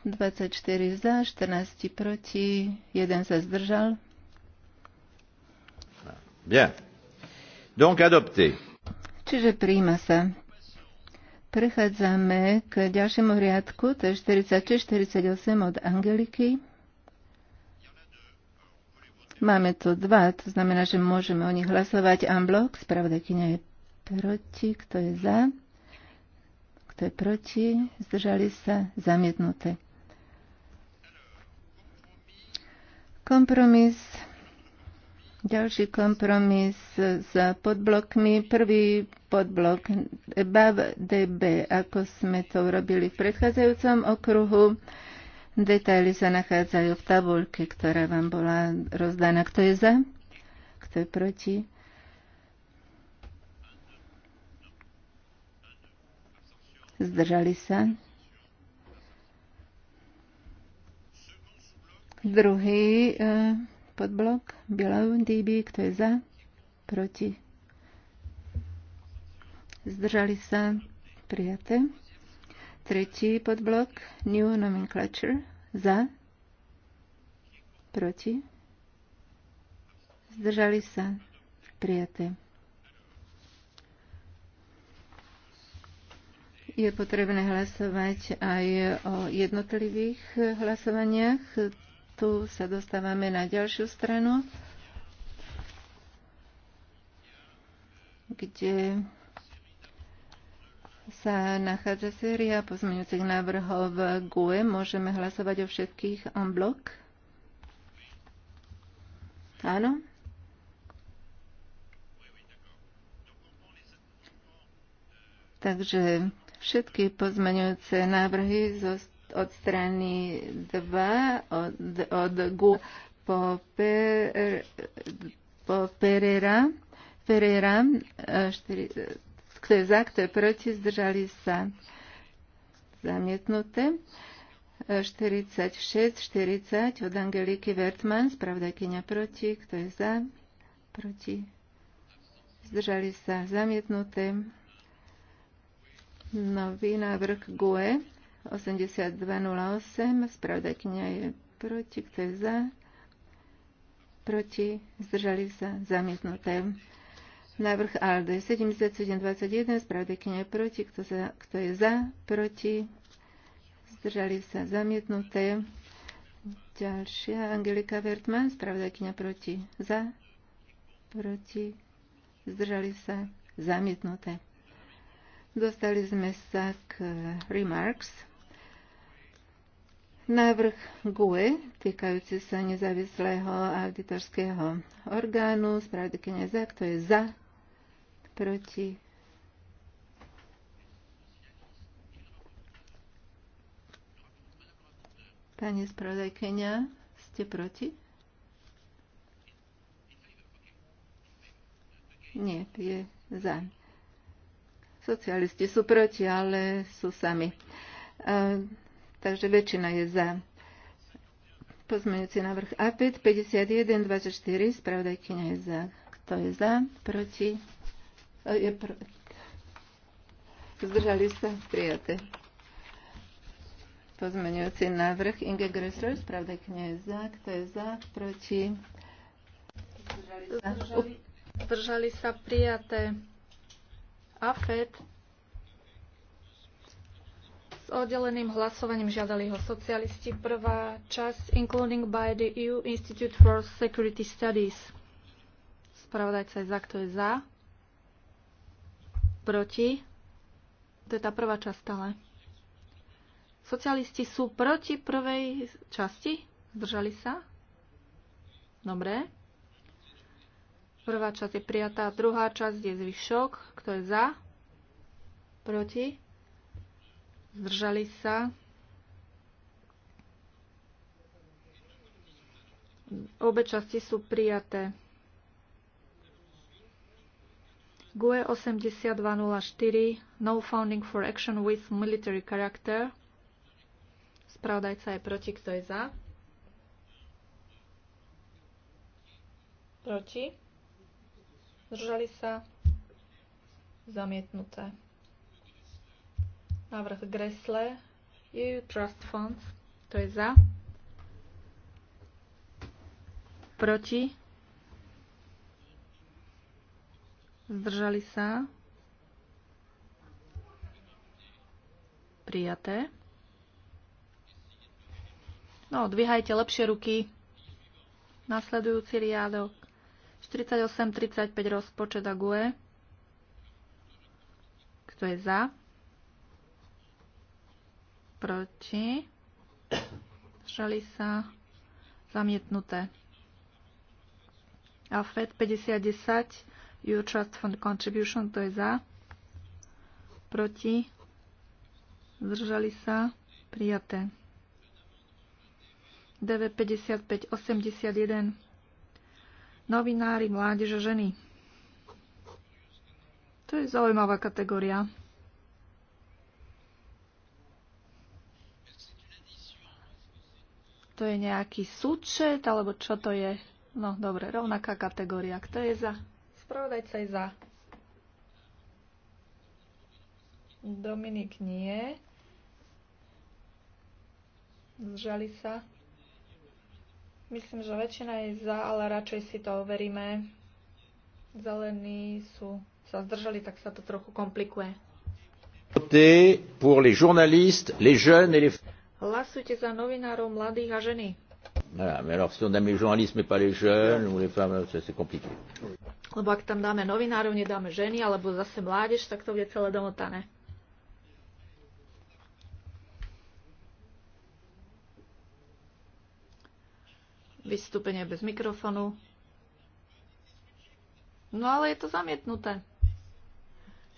24 za, 14 proti, 1 sa zdržal. Bien. Donc adopté. Čiže príjma sa. Prechádzame k ďalšiemu riadku, to je 46-48 od Angeliky. Máme tu dva, to znamená, že môžeme o nich hlasovať Amblok, bloc. Spravodajkynia je proti, kto je za, kto je proti, zdržali sa, zamietnuté. Kompromis ďalší kompromis s podblokmi. Prvý podblok BAV DB, ako sme to urobili v predchádzajúcom okruhu. Detaily sa nachádzajú v tabulke, ktorá vám bola rozdaná. Kto je za? Kto je proti? Zdržali sa? Druhý eh, podblok, DB, kto je za? Proti? Zdržali sa? Prijaté. Tretí podblok New Nomenclature za, proti, zdržali sa, prijaté. Je potrebné hlasovať aj o jednotlivých hlasovaniach. Tu sa dostávame na ďalšiu stranu, kde sa nachádza séria pozmeňujúcich návrhov v GUE. Môžeme hlasovať o všetkých en bloc? Áno? Takže všetky pozmeňujúce návrhy od strany 2 od, od GU e po, per, po Pereira, Pereira 4, eh, kto je za, kto je proti, zdržali sa zamietnuté. 46, 40 od Angeliky Vertman, spravodajkyňa proti, kto je za, proti, zdržali sa zamietnuté. Nový návrh GUE 8208, spravodajkyňa je proti, kto je za, proti, zdržali sa zamietnuté. Návrh ALD 7721, spravodajkynia je proti, kto, za, kto je za, proti, zdržali sa zamietnuté. Ďalšia, Angelika Vertman, spravodajkynia proti, za, proti, zdržali sa zamietnuté. Dostali sme sa k remarks. Návrh GUE, týkajúci sa nezávislého auditorského orgánu, spravodajkynia za, kto je za, proti. Pani spravodajkenia, ste proti? Nie, je za. Socialisti sú proti, ale sú sami. E, takže väčšina je za. Pozmeňujúci návrh A5, 51, 24, spravodajkyňa je za. Kto je za? Proti? E, je pr- Zdržali sa prijaté. Pozmeňujúci návrh Inge Gressler, spravdekne je za. Kto je za? Proti? Zdržali sa, prijaté. zdržali sa prijaté. AFED s oddeleným hlasovaním žiadali ho socialisti. Prvá časť, including by the EU Institute for Security Studies. Spravodajca je za, kto je za proti. To je tá prvá časť ale. Socialisti sú proti prvej časti? Zdržali sa? Dobre. Prvá časť je prijatá, druhá časť je zvyšok. Kto je za? Proti? Zdržali sa? Obe časti sú prijaté. GUE 8204 No Founding for Action with Military Character. Spravodajca je proti, kto je za? Proti. Zdržali sa. Zamietnuté. Návrh Gresle EU Trust Funds. To je za. Proti. Zdržali sa? Prijaté. No, dvíhajte lepšie ruky. Nasledujúci riadok. 48-35 rozpočet a GUE. Kto je za? Proti? Zdržali sa? Zamietnuté. AFED 5010 Your Trust Fund Contribution, to je za, proti, zdržali sa, prijaté. DV 81 Novinári, mládeže, ženy. To je zaujímavá kategória. To je nejaký súčet, alebo čo to je? No, dobre, rovnaká kategória. Kto je za? Spravodajca je za. Dominik nie. Zžali sa. Myslím, že väčšina je za, ale radšej si to overíme. Zelení sú, sa zdržali, tak sa to trochu komplikuje. Pour les journalistes, les jeunes et les... Hlasujte za novinárov, mladých a ženy. Voilà, mais alors si on aime les journalistes mais pas les jeunes ou les femmes, c'est compliqué. Lebo ak tam dáme novinárov, nedáme ženy, alebo zase mládež, tak to bude celé domotané. Vystúpenie bez mikrofonu. No ale je to zamietnuté.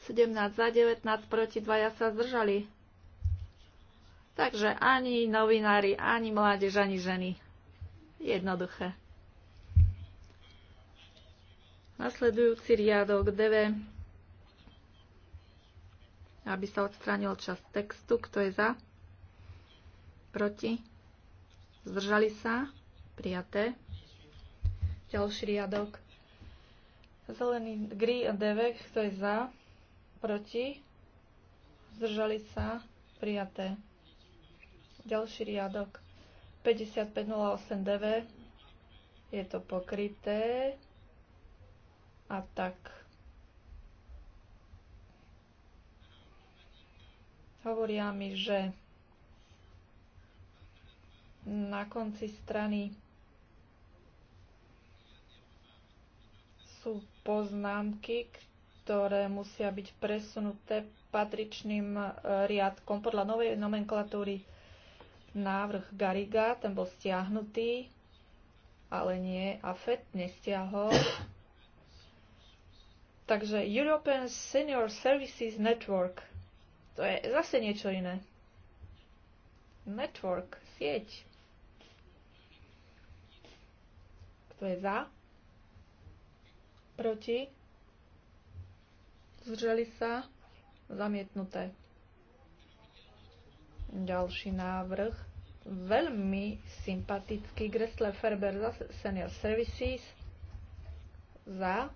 17 za 19 proti 2 sa zdržali. Takže ani novinári, ani mládež, ani ženy. Jednoduché. Nasledujúci riadok DV, aby sa odstránil čas textu. Kto je za? Proti? Zdržali sa? Prijaté. Ďalší riadok. Zelený gri a DV, kto je za? Proti? Zdržali sa? Prijaté. Ďalší riadok. 5508 DV. Je to pokryté. A tak hovoria mi, že na konci strany sú poznámky, ktoré musia byť presunuté patričným e, riadkom. Podľa novej nomenklatúry návrh Gariga, ten bol stiahnutý, ale nie, a FED nestiahol. Takže European Senior Services Network. To je zase niečo iné. Network, sieť. Kto je za? Proti? Zdrželi sa? Zamietnuté. Ďalší návrh. Veľmi sympatický Gressler Ferber zase Senior Services. Za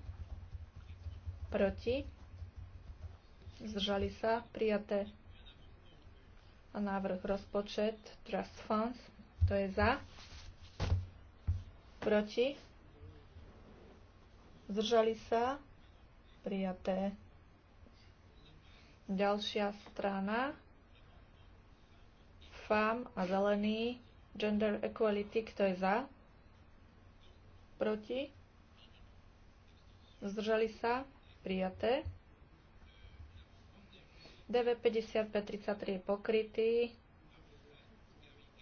proti, zdržali sa, prijaté. A návrh rozpočet Trust Funds, to je za, proti, zdržali sa, prijaté. Ďalšia strana, FAM a zelený, Gender Equality, kto je za, proti, zdržali sa, prijaté. DV 5533 je pokrytý.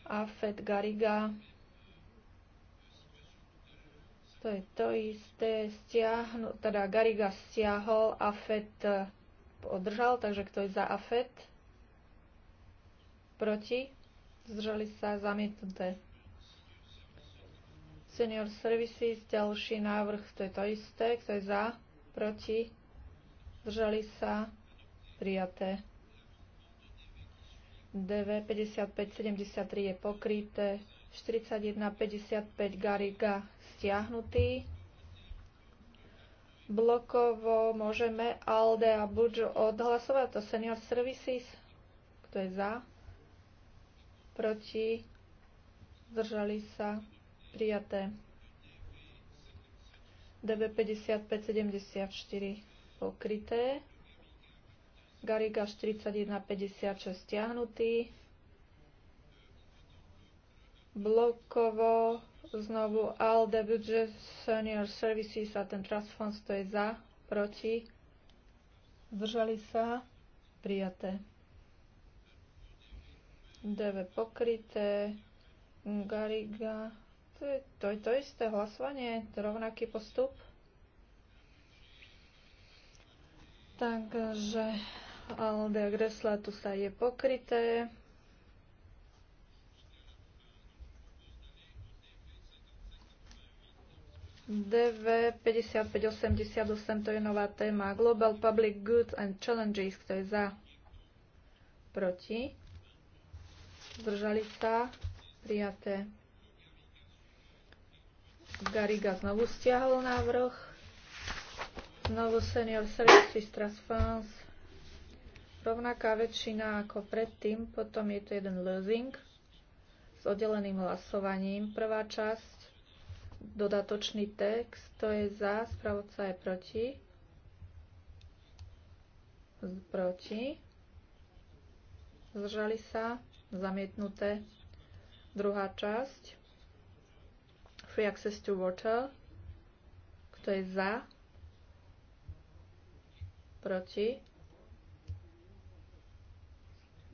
AFED Gariga. To je to isté. Stiahnu, teda Gariga stiahol, AFED e, održal, takže kto je za AFED? Proti? Zdržali sa zamietnuté. Senior Services, ďalší návrh, to je to isté, kto je za? proti, zdržali sa, prijaté. DV 5573 je pokryté, 4155 Gariga stiahnutý. Blokovo môžeme ALDE a Budžo odhlasovať to Senior Services. Kto je za? Proti? Zdržali sa? Prijaté. DB 5574 pokryté. Gariga 3156 stiahnutý. Blokovo znovu ALDE Budget Senior Services a ten Trust Fund to je za, proti. Zdržali sa. Prijaté. DB pokryté. Gariga to je to, to isté hlasovanie, rovnaký postup. Takže Alde Gresla tu sa je pokryté. DV 5588 to je nová téma Global Public Goods and Challenges, kto je za, proti, zdržali sa, prijaté. Gariga znovu stiahol návrh. Znovu senior Services Trust Rovnaká väčšina ako predtým, potom je to jeden losing s oddeleným hlasovaním. Prvá časť, dodatočný text, to je za, spravodca je proti. Proti. Zdržali sa, zamietnuté. Druhá časť Free access to water. Kto je za? Proti?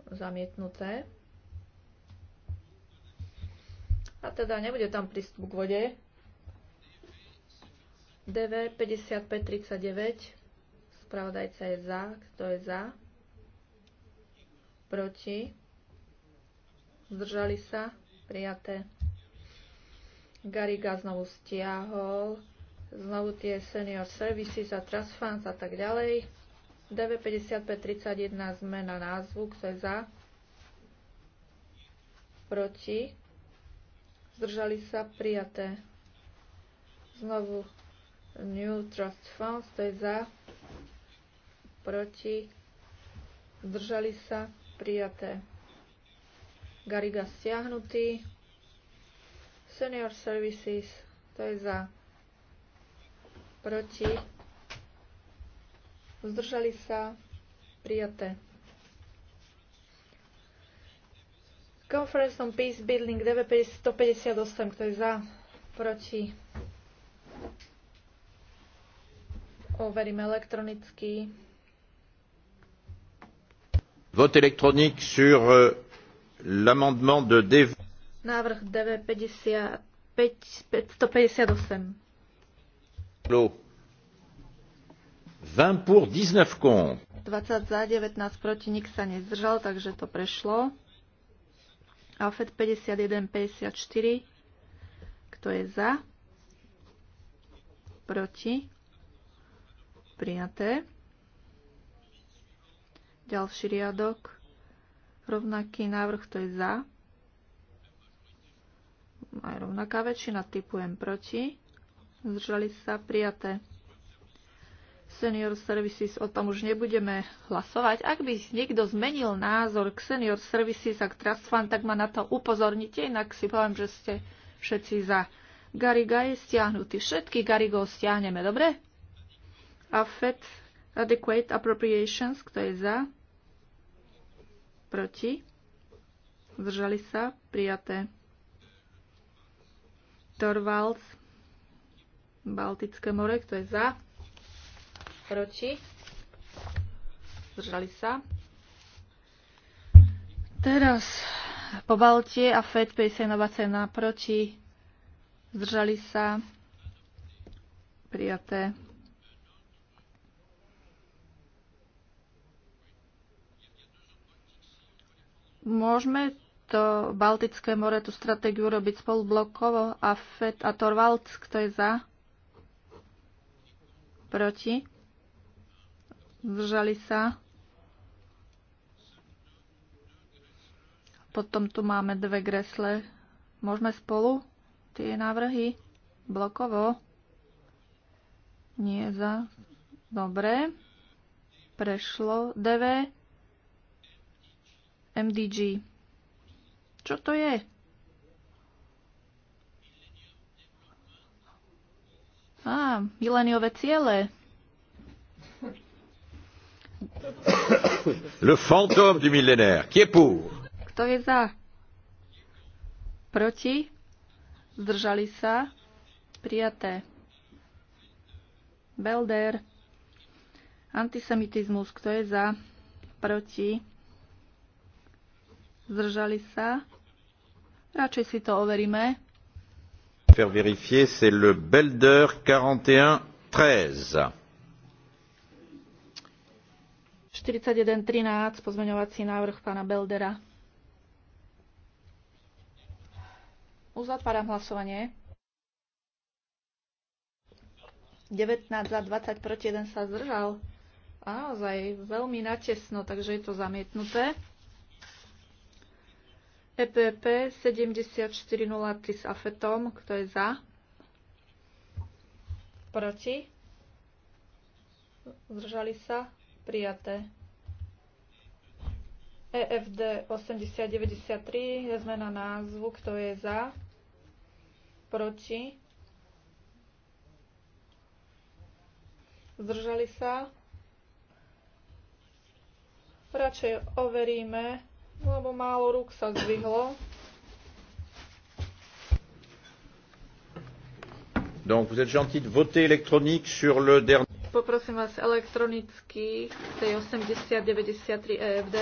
Zamietnuté. A teda nebude tam prístup k vode. DV 5539. Spravodajca je za. Kto je za? Proti? Zdržali sa? Prijaté. Gariga znovu stiahol, znovu tie senior services a trust funds a tak ďalej. DV5531 zmena názvu, kto je za, proti, zdržali sa prijaté. Znovu New Trust Funds, to je za, proti, zdržali sa prijaté. Gariga stiahnutý. Senior Services, to je za. Proti. Zdržali sa. Prijaté. Conference on Peace Building 958. 158, kto je za, proti. Overím elektronicky. Vote électronique sur euh, l'amendement de DV. Návrh DV 50, 558. 20 pour 19 contre. 20 za, 19 proti, nik sa nezdržal, takže to prešlo. Alfred 51, 54. Kto je za? Proti? Prijaté. Ďalší riadok. Rovnaký návrh, kto je za? aj rovnaká väčšina, typujem proti. Zdržali sa prijaté. Senior Services, o tom už nebudeme hlasovať. Ak by niekto zmenil názor k Senior Services a k Trust Fund, tak ma na to upozornite, inak si poviem, že ste všetci za. Gariga je stiahnutý. Všetky Garigov stiahneme, dobre? A FED Adequate Appropriations, kto je za? Proti? Zdržali sa? Prijaté. Torvalds, Baltické more, kto je za, proti, zdržali sa. Teraz po Baltie a FED 51 cena proti, zdržali sa, prijaté. Môžeme to Baltické more, tú stratégiu robiť spolu blokovo a FED a Torvalds, kto je za? Proti? Zdržali sa? Potom tu máme dve gresle. Môžeme spolu tie návrhy blokovo? Nie za. Dobre. Prešlo. DV. MDG. Čo to je? Á, mileniové ciele. Le fantôme du millénaire. Qui est pour? Kto je za? Proti? Zdržali sa? Prijaté. Belder. Antisemitizmus. Kto je za? Proti? Zdržali sa? Radšej si to overíme. Faire vérifier, c'est le Belder 41-13. pozmeňovací návrh pána Beldera. Uzatváram hlasovanie. 19 za 20 proti 1 sa zdržal. Áno naozaj veľmi natesno, takže je to zamietnuté. EPP 7403 s afetom. Kto je za? Proti? Zdržali sa? Prijaté. EFD 8093 je zmena názvu. Kto je za? Proti? Zdržali sa? Radšej overíme lebo málo rúk sa zdvihlo. Donc vous êtes gentil de voter électronique sur le dernier. Poprosím vás elektronicky k tej 8093 EFD.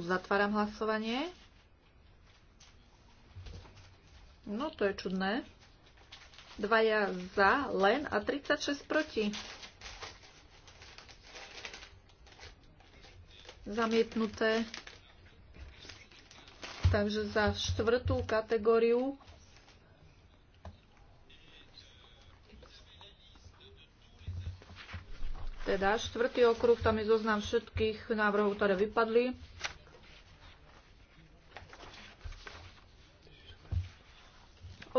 Uzatváram hlasovanie. No to je čudné. Dvaja za len a 36 proti. Zamietnuté. Takže za štvrtú kategóriu Teda štvrtý okruh, tam je zoznam všetkých návrhov, ktoré vypadli.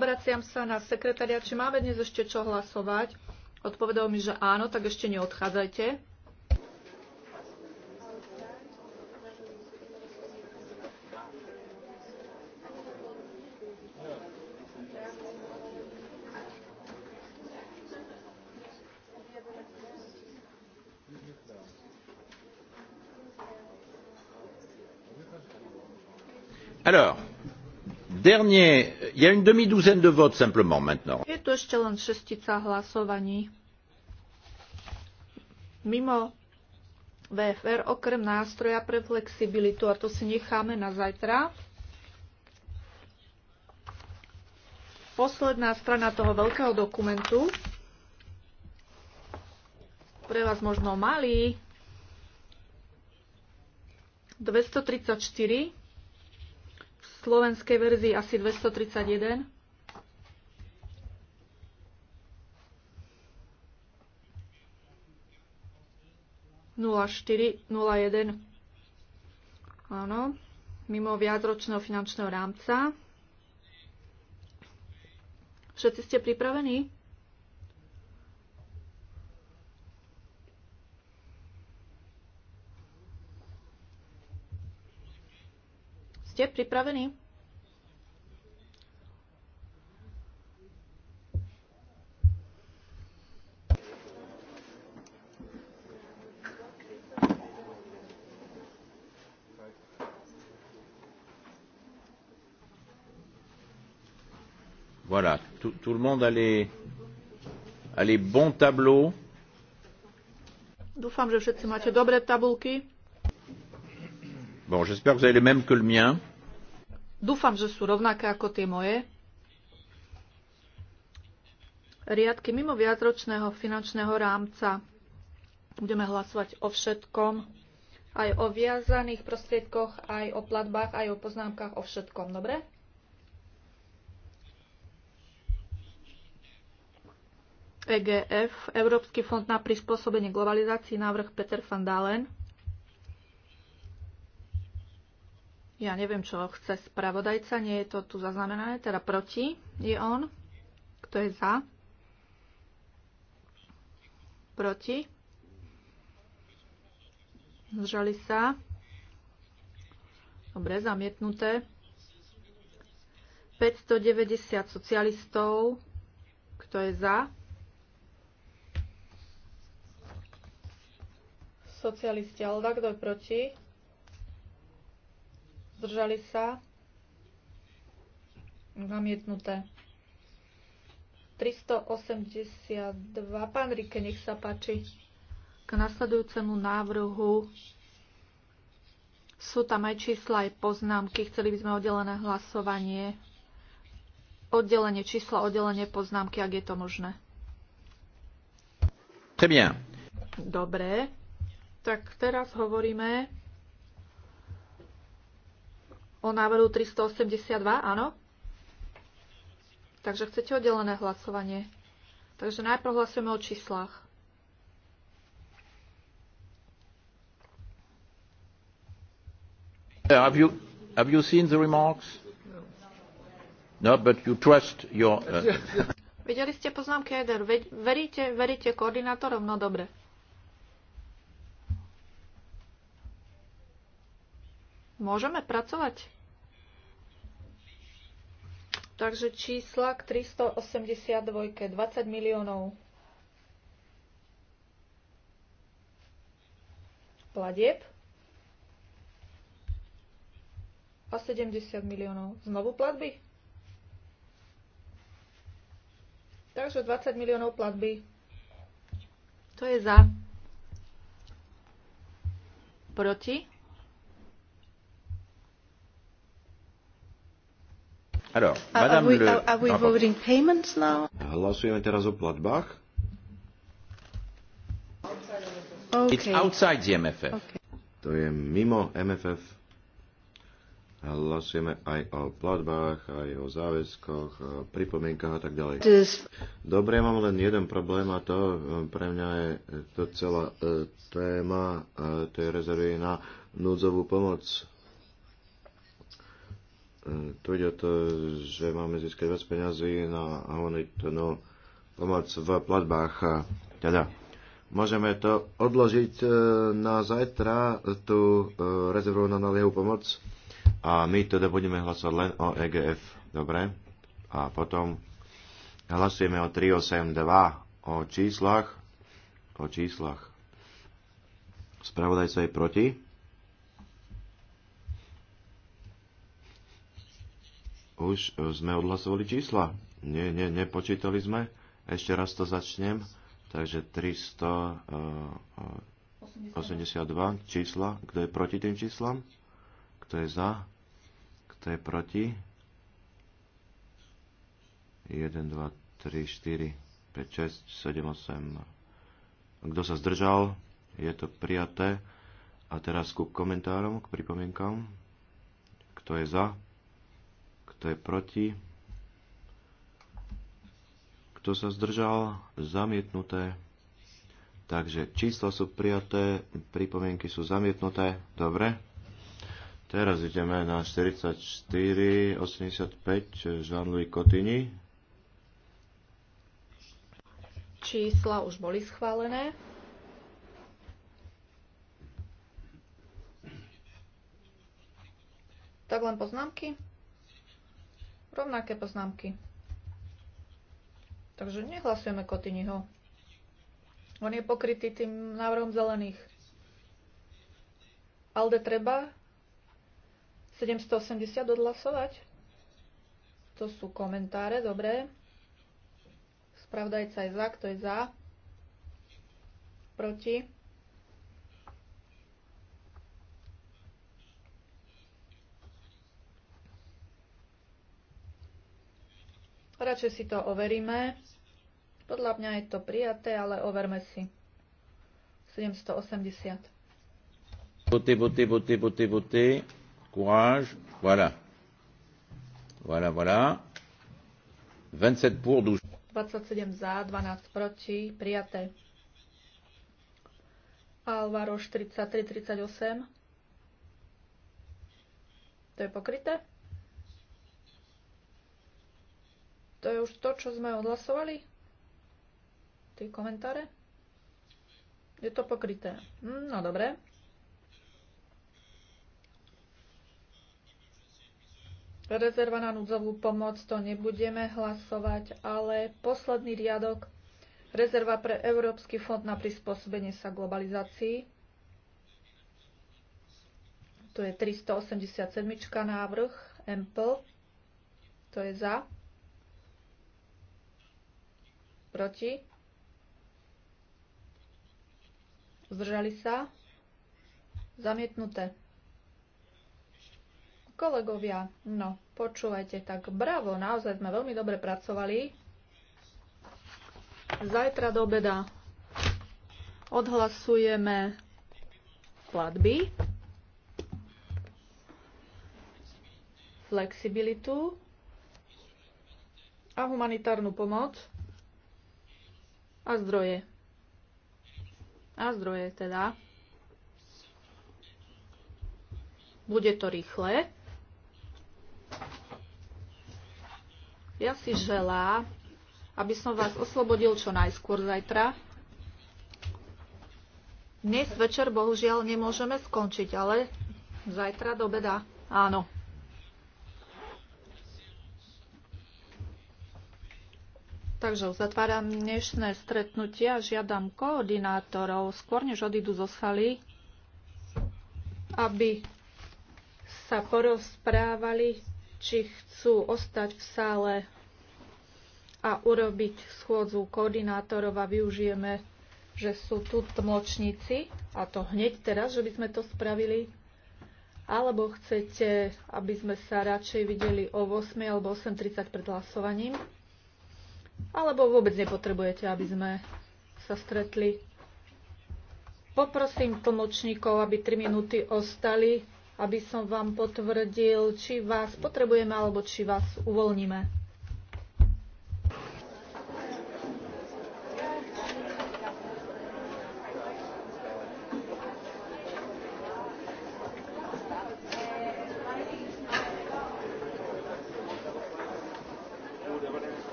Obraciam sa na sekretária, či máme dnes ešte čo hlasovať. Odpovedal mi, že áno, tak ešte neodchádzajte. alors dernier il y a une demi-douzaine de votes simplement maintenant. Je tu ešte len šestica hlasovaní. Mimo VFR okrem nástroja pre flexibilitu a to si necháme na zajtra. Posledná strana toho veľkého dokumentu. Pre vás možno malý. 234 slovenskej verzii asi 231. Nula štyri, nula jeden. Áno, mimo viacročného finančného rámca. Všetci ste pripravení? Ste pripravení? Voilà, tout, tout le monde a les, a les bons tableaux. Dúfam, že všetci máte dobré tabulky. Bon, j'espère que vous avez les mêmes que le mien. Dúfam, že sú rovnaké ako tie moje. Riadky mimo viacročného finančného rámca. Budeme hlasovať o všetkom, aj o viazaných prostriedkoch, aj o platbách, aj o poznámkach, o všetkom. Dobre? EGF, Európsky fond na prispôsobenie globalizácii, návrh Peter van Dalen. Ja neviem, čo chce spravodajca, nie je to tu zaznamenané, teda proti je on. Kto je za? Proti? Zdržali sa? Dobre, zamietnuté. 590 socialistov. Kto je za? Socialisti Alda, kto je proti? zdržali sa, zamietnuté. 382, pán Rike, nech sa páči, k nasledujúcemu návrhu sú tam aj čísla, aj poznámky. Chceli by sme oddelené hlasovanie. Oddelenie čísla, oddelenie poznámky, ak je to možné. Très bien. Dobre. Tak teraz hovoríme o návrhu 382, áno? Takže chcete oddelené hlasovanie. Takže najprv hlasujeme o číslach. Uh, have you, have you seen the remarks? No, but you trust your... Uh... Videli ste poznámky Eder. Veríte, veríte koordinátorom? No dobre. Môžeme pracovať? Takže čísla k 382, 20 miliónov platieb a 70 miliónov znovu platby. Takže 20 miliónov platby. To je za. Proti. Alors, are, we, are we voting payments now? Hlasujeme teraz o platbách. Okay. It's outside the MFF. Okay. To je mimo MFF. Hlasujeme aj o platbách, aj o záväzkoch, o pripomienkach a tak ďalej. This... Dobre, mám len jeden problém a to e, pre mňa je to celá e, téma e, tej rezervy na núdzovú pomoc tu e, ide o to, že máme získať viac peňazí na no pomoc v platbách. teda môžeme to odložiť e, na zajtra, tú e, rezervu na naliehu pomoc. A my teda budeme hlasovať len o EGF. Dobre? A potom hlasujeme o 382, o číslach. O číslach. Spravodajca je proti. Už e, sme odhlasovali čísla. Nie, nie, nepočítali sme. Ešte raz to začnem. Takže 382 e, e, čísla. Kto je proti tým číslam? Kto je za? Kto je proti? 1, 2, 3, 4, 5, 6, 7, 8. Kto sa zdržal? Je to prijaté. A teraz ku komentárom, k pripomienkám. Kto je za? Kto je proti? Kto sa zdržal? Zamietnuté. Takže čísla sú prijaté, pripomienky sú zamietnuté. Dobre. Teraz ideme na 44, 85, Jean-Louis Cotigny. Čísla už boli schválené. Tak len poznámky. Rovnaké poznámky. Takže nehlasujeme kotyniho. On je pokrytý tým návrhom zelených. Alde treba 780 odhlasovať. To sú komentáre, dobre. Spravdajca je za, kto je za. Proti. Radšej si to overíme. Podľa mňa je to prijaté, ale overme si. 780. Votez, votez, votez, votez, votez. Courage. Voilà. Voilà, voilà. 27 pour 12. 27 za, 12 proti, prijaté. Alvaro 43, 38. To je pokryté? To je už to, čo sme odhlasovali? Tie komentáre? Je to pokryté. Mm, no dobre. Rezerva na núdzovú pomoc, to nebudeme hlasovať, ale posledný riadok Rezerva pre Európsky fond na prispôsobenie sa globalizácii. To je 387. návrh, MPL. To je za. Proti? Zdržali sa? Zamietnuté. Kolegovia, no, počúvajte, tak bravo, naozaj sme veľmi dobre pracovali. Zajtra do obeda odhlasujeme platby, flexibilitu a humanitárnu pomoc a zdroje. A zdroje teda. Bude to rýchle. Ja si želá, aby som vás oslobodil čo najskôr zajtra. Dnes večer bohužiaľ nemôžeme skončiť, ale zajtra do beda. Áno. Takže uzatváram dnešné stretnutie a žiadam koordinátorov, skôr než odídu zo sály, aby sa porozprávali, či chcú ostať v sále a urobiť schôdzu koordinátorov a využijeme, že sú tu tmočníci a to hneď teraz, že by sme to spravili alebo chcete, aby sme sa radšej videli o 8 alebo 8.30 pred hlasovaním? alebo vôbec nepotrebujete, aby sme sa stretli. Poprosím tlmočníkov, aby 3 minúty ostali, aby som vám potvrdil, či vás potrebujeme alebo či vás uvoľníme.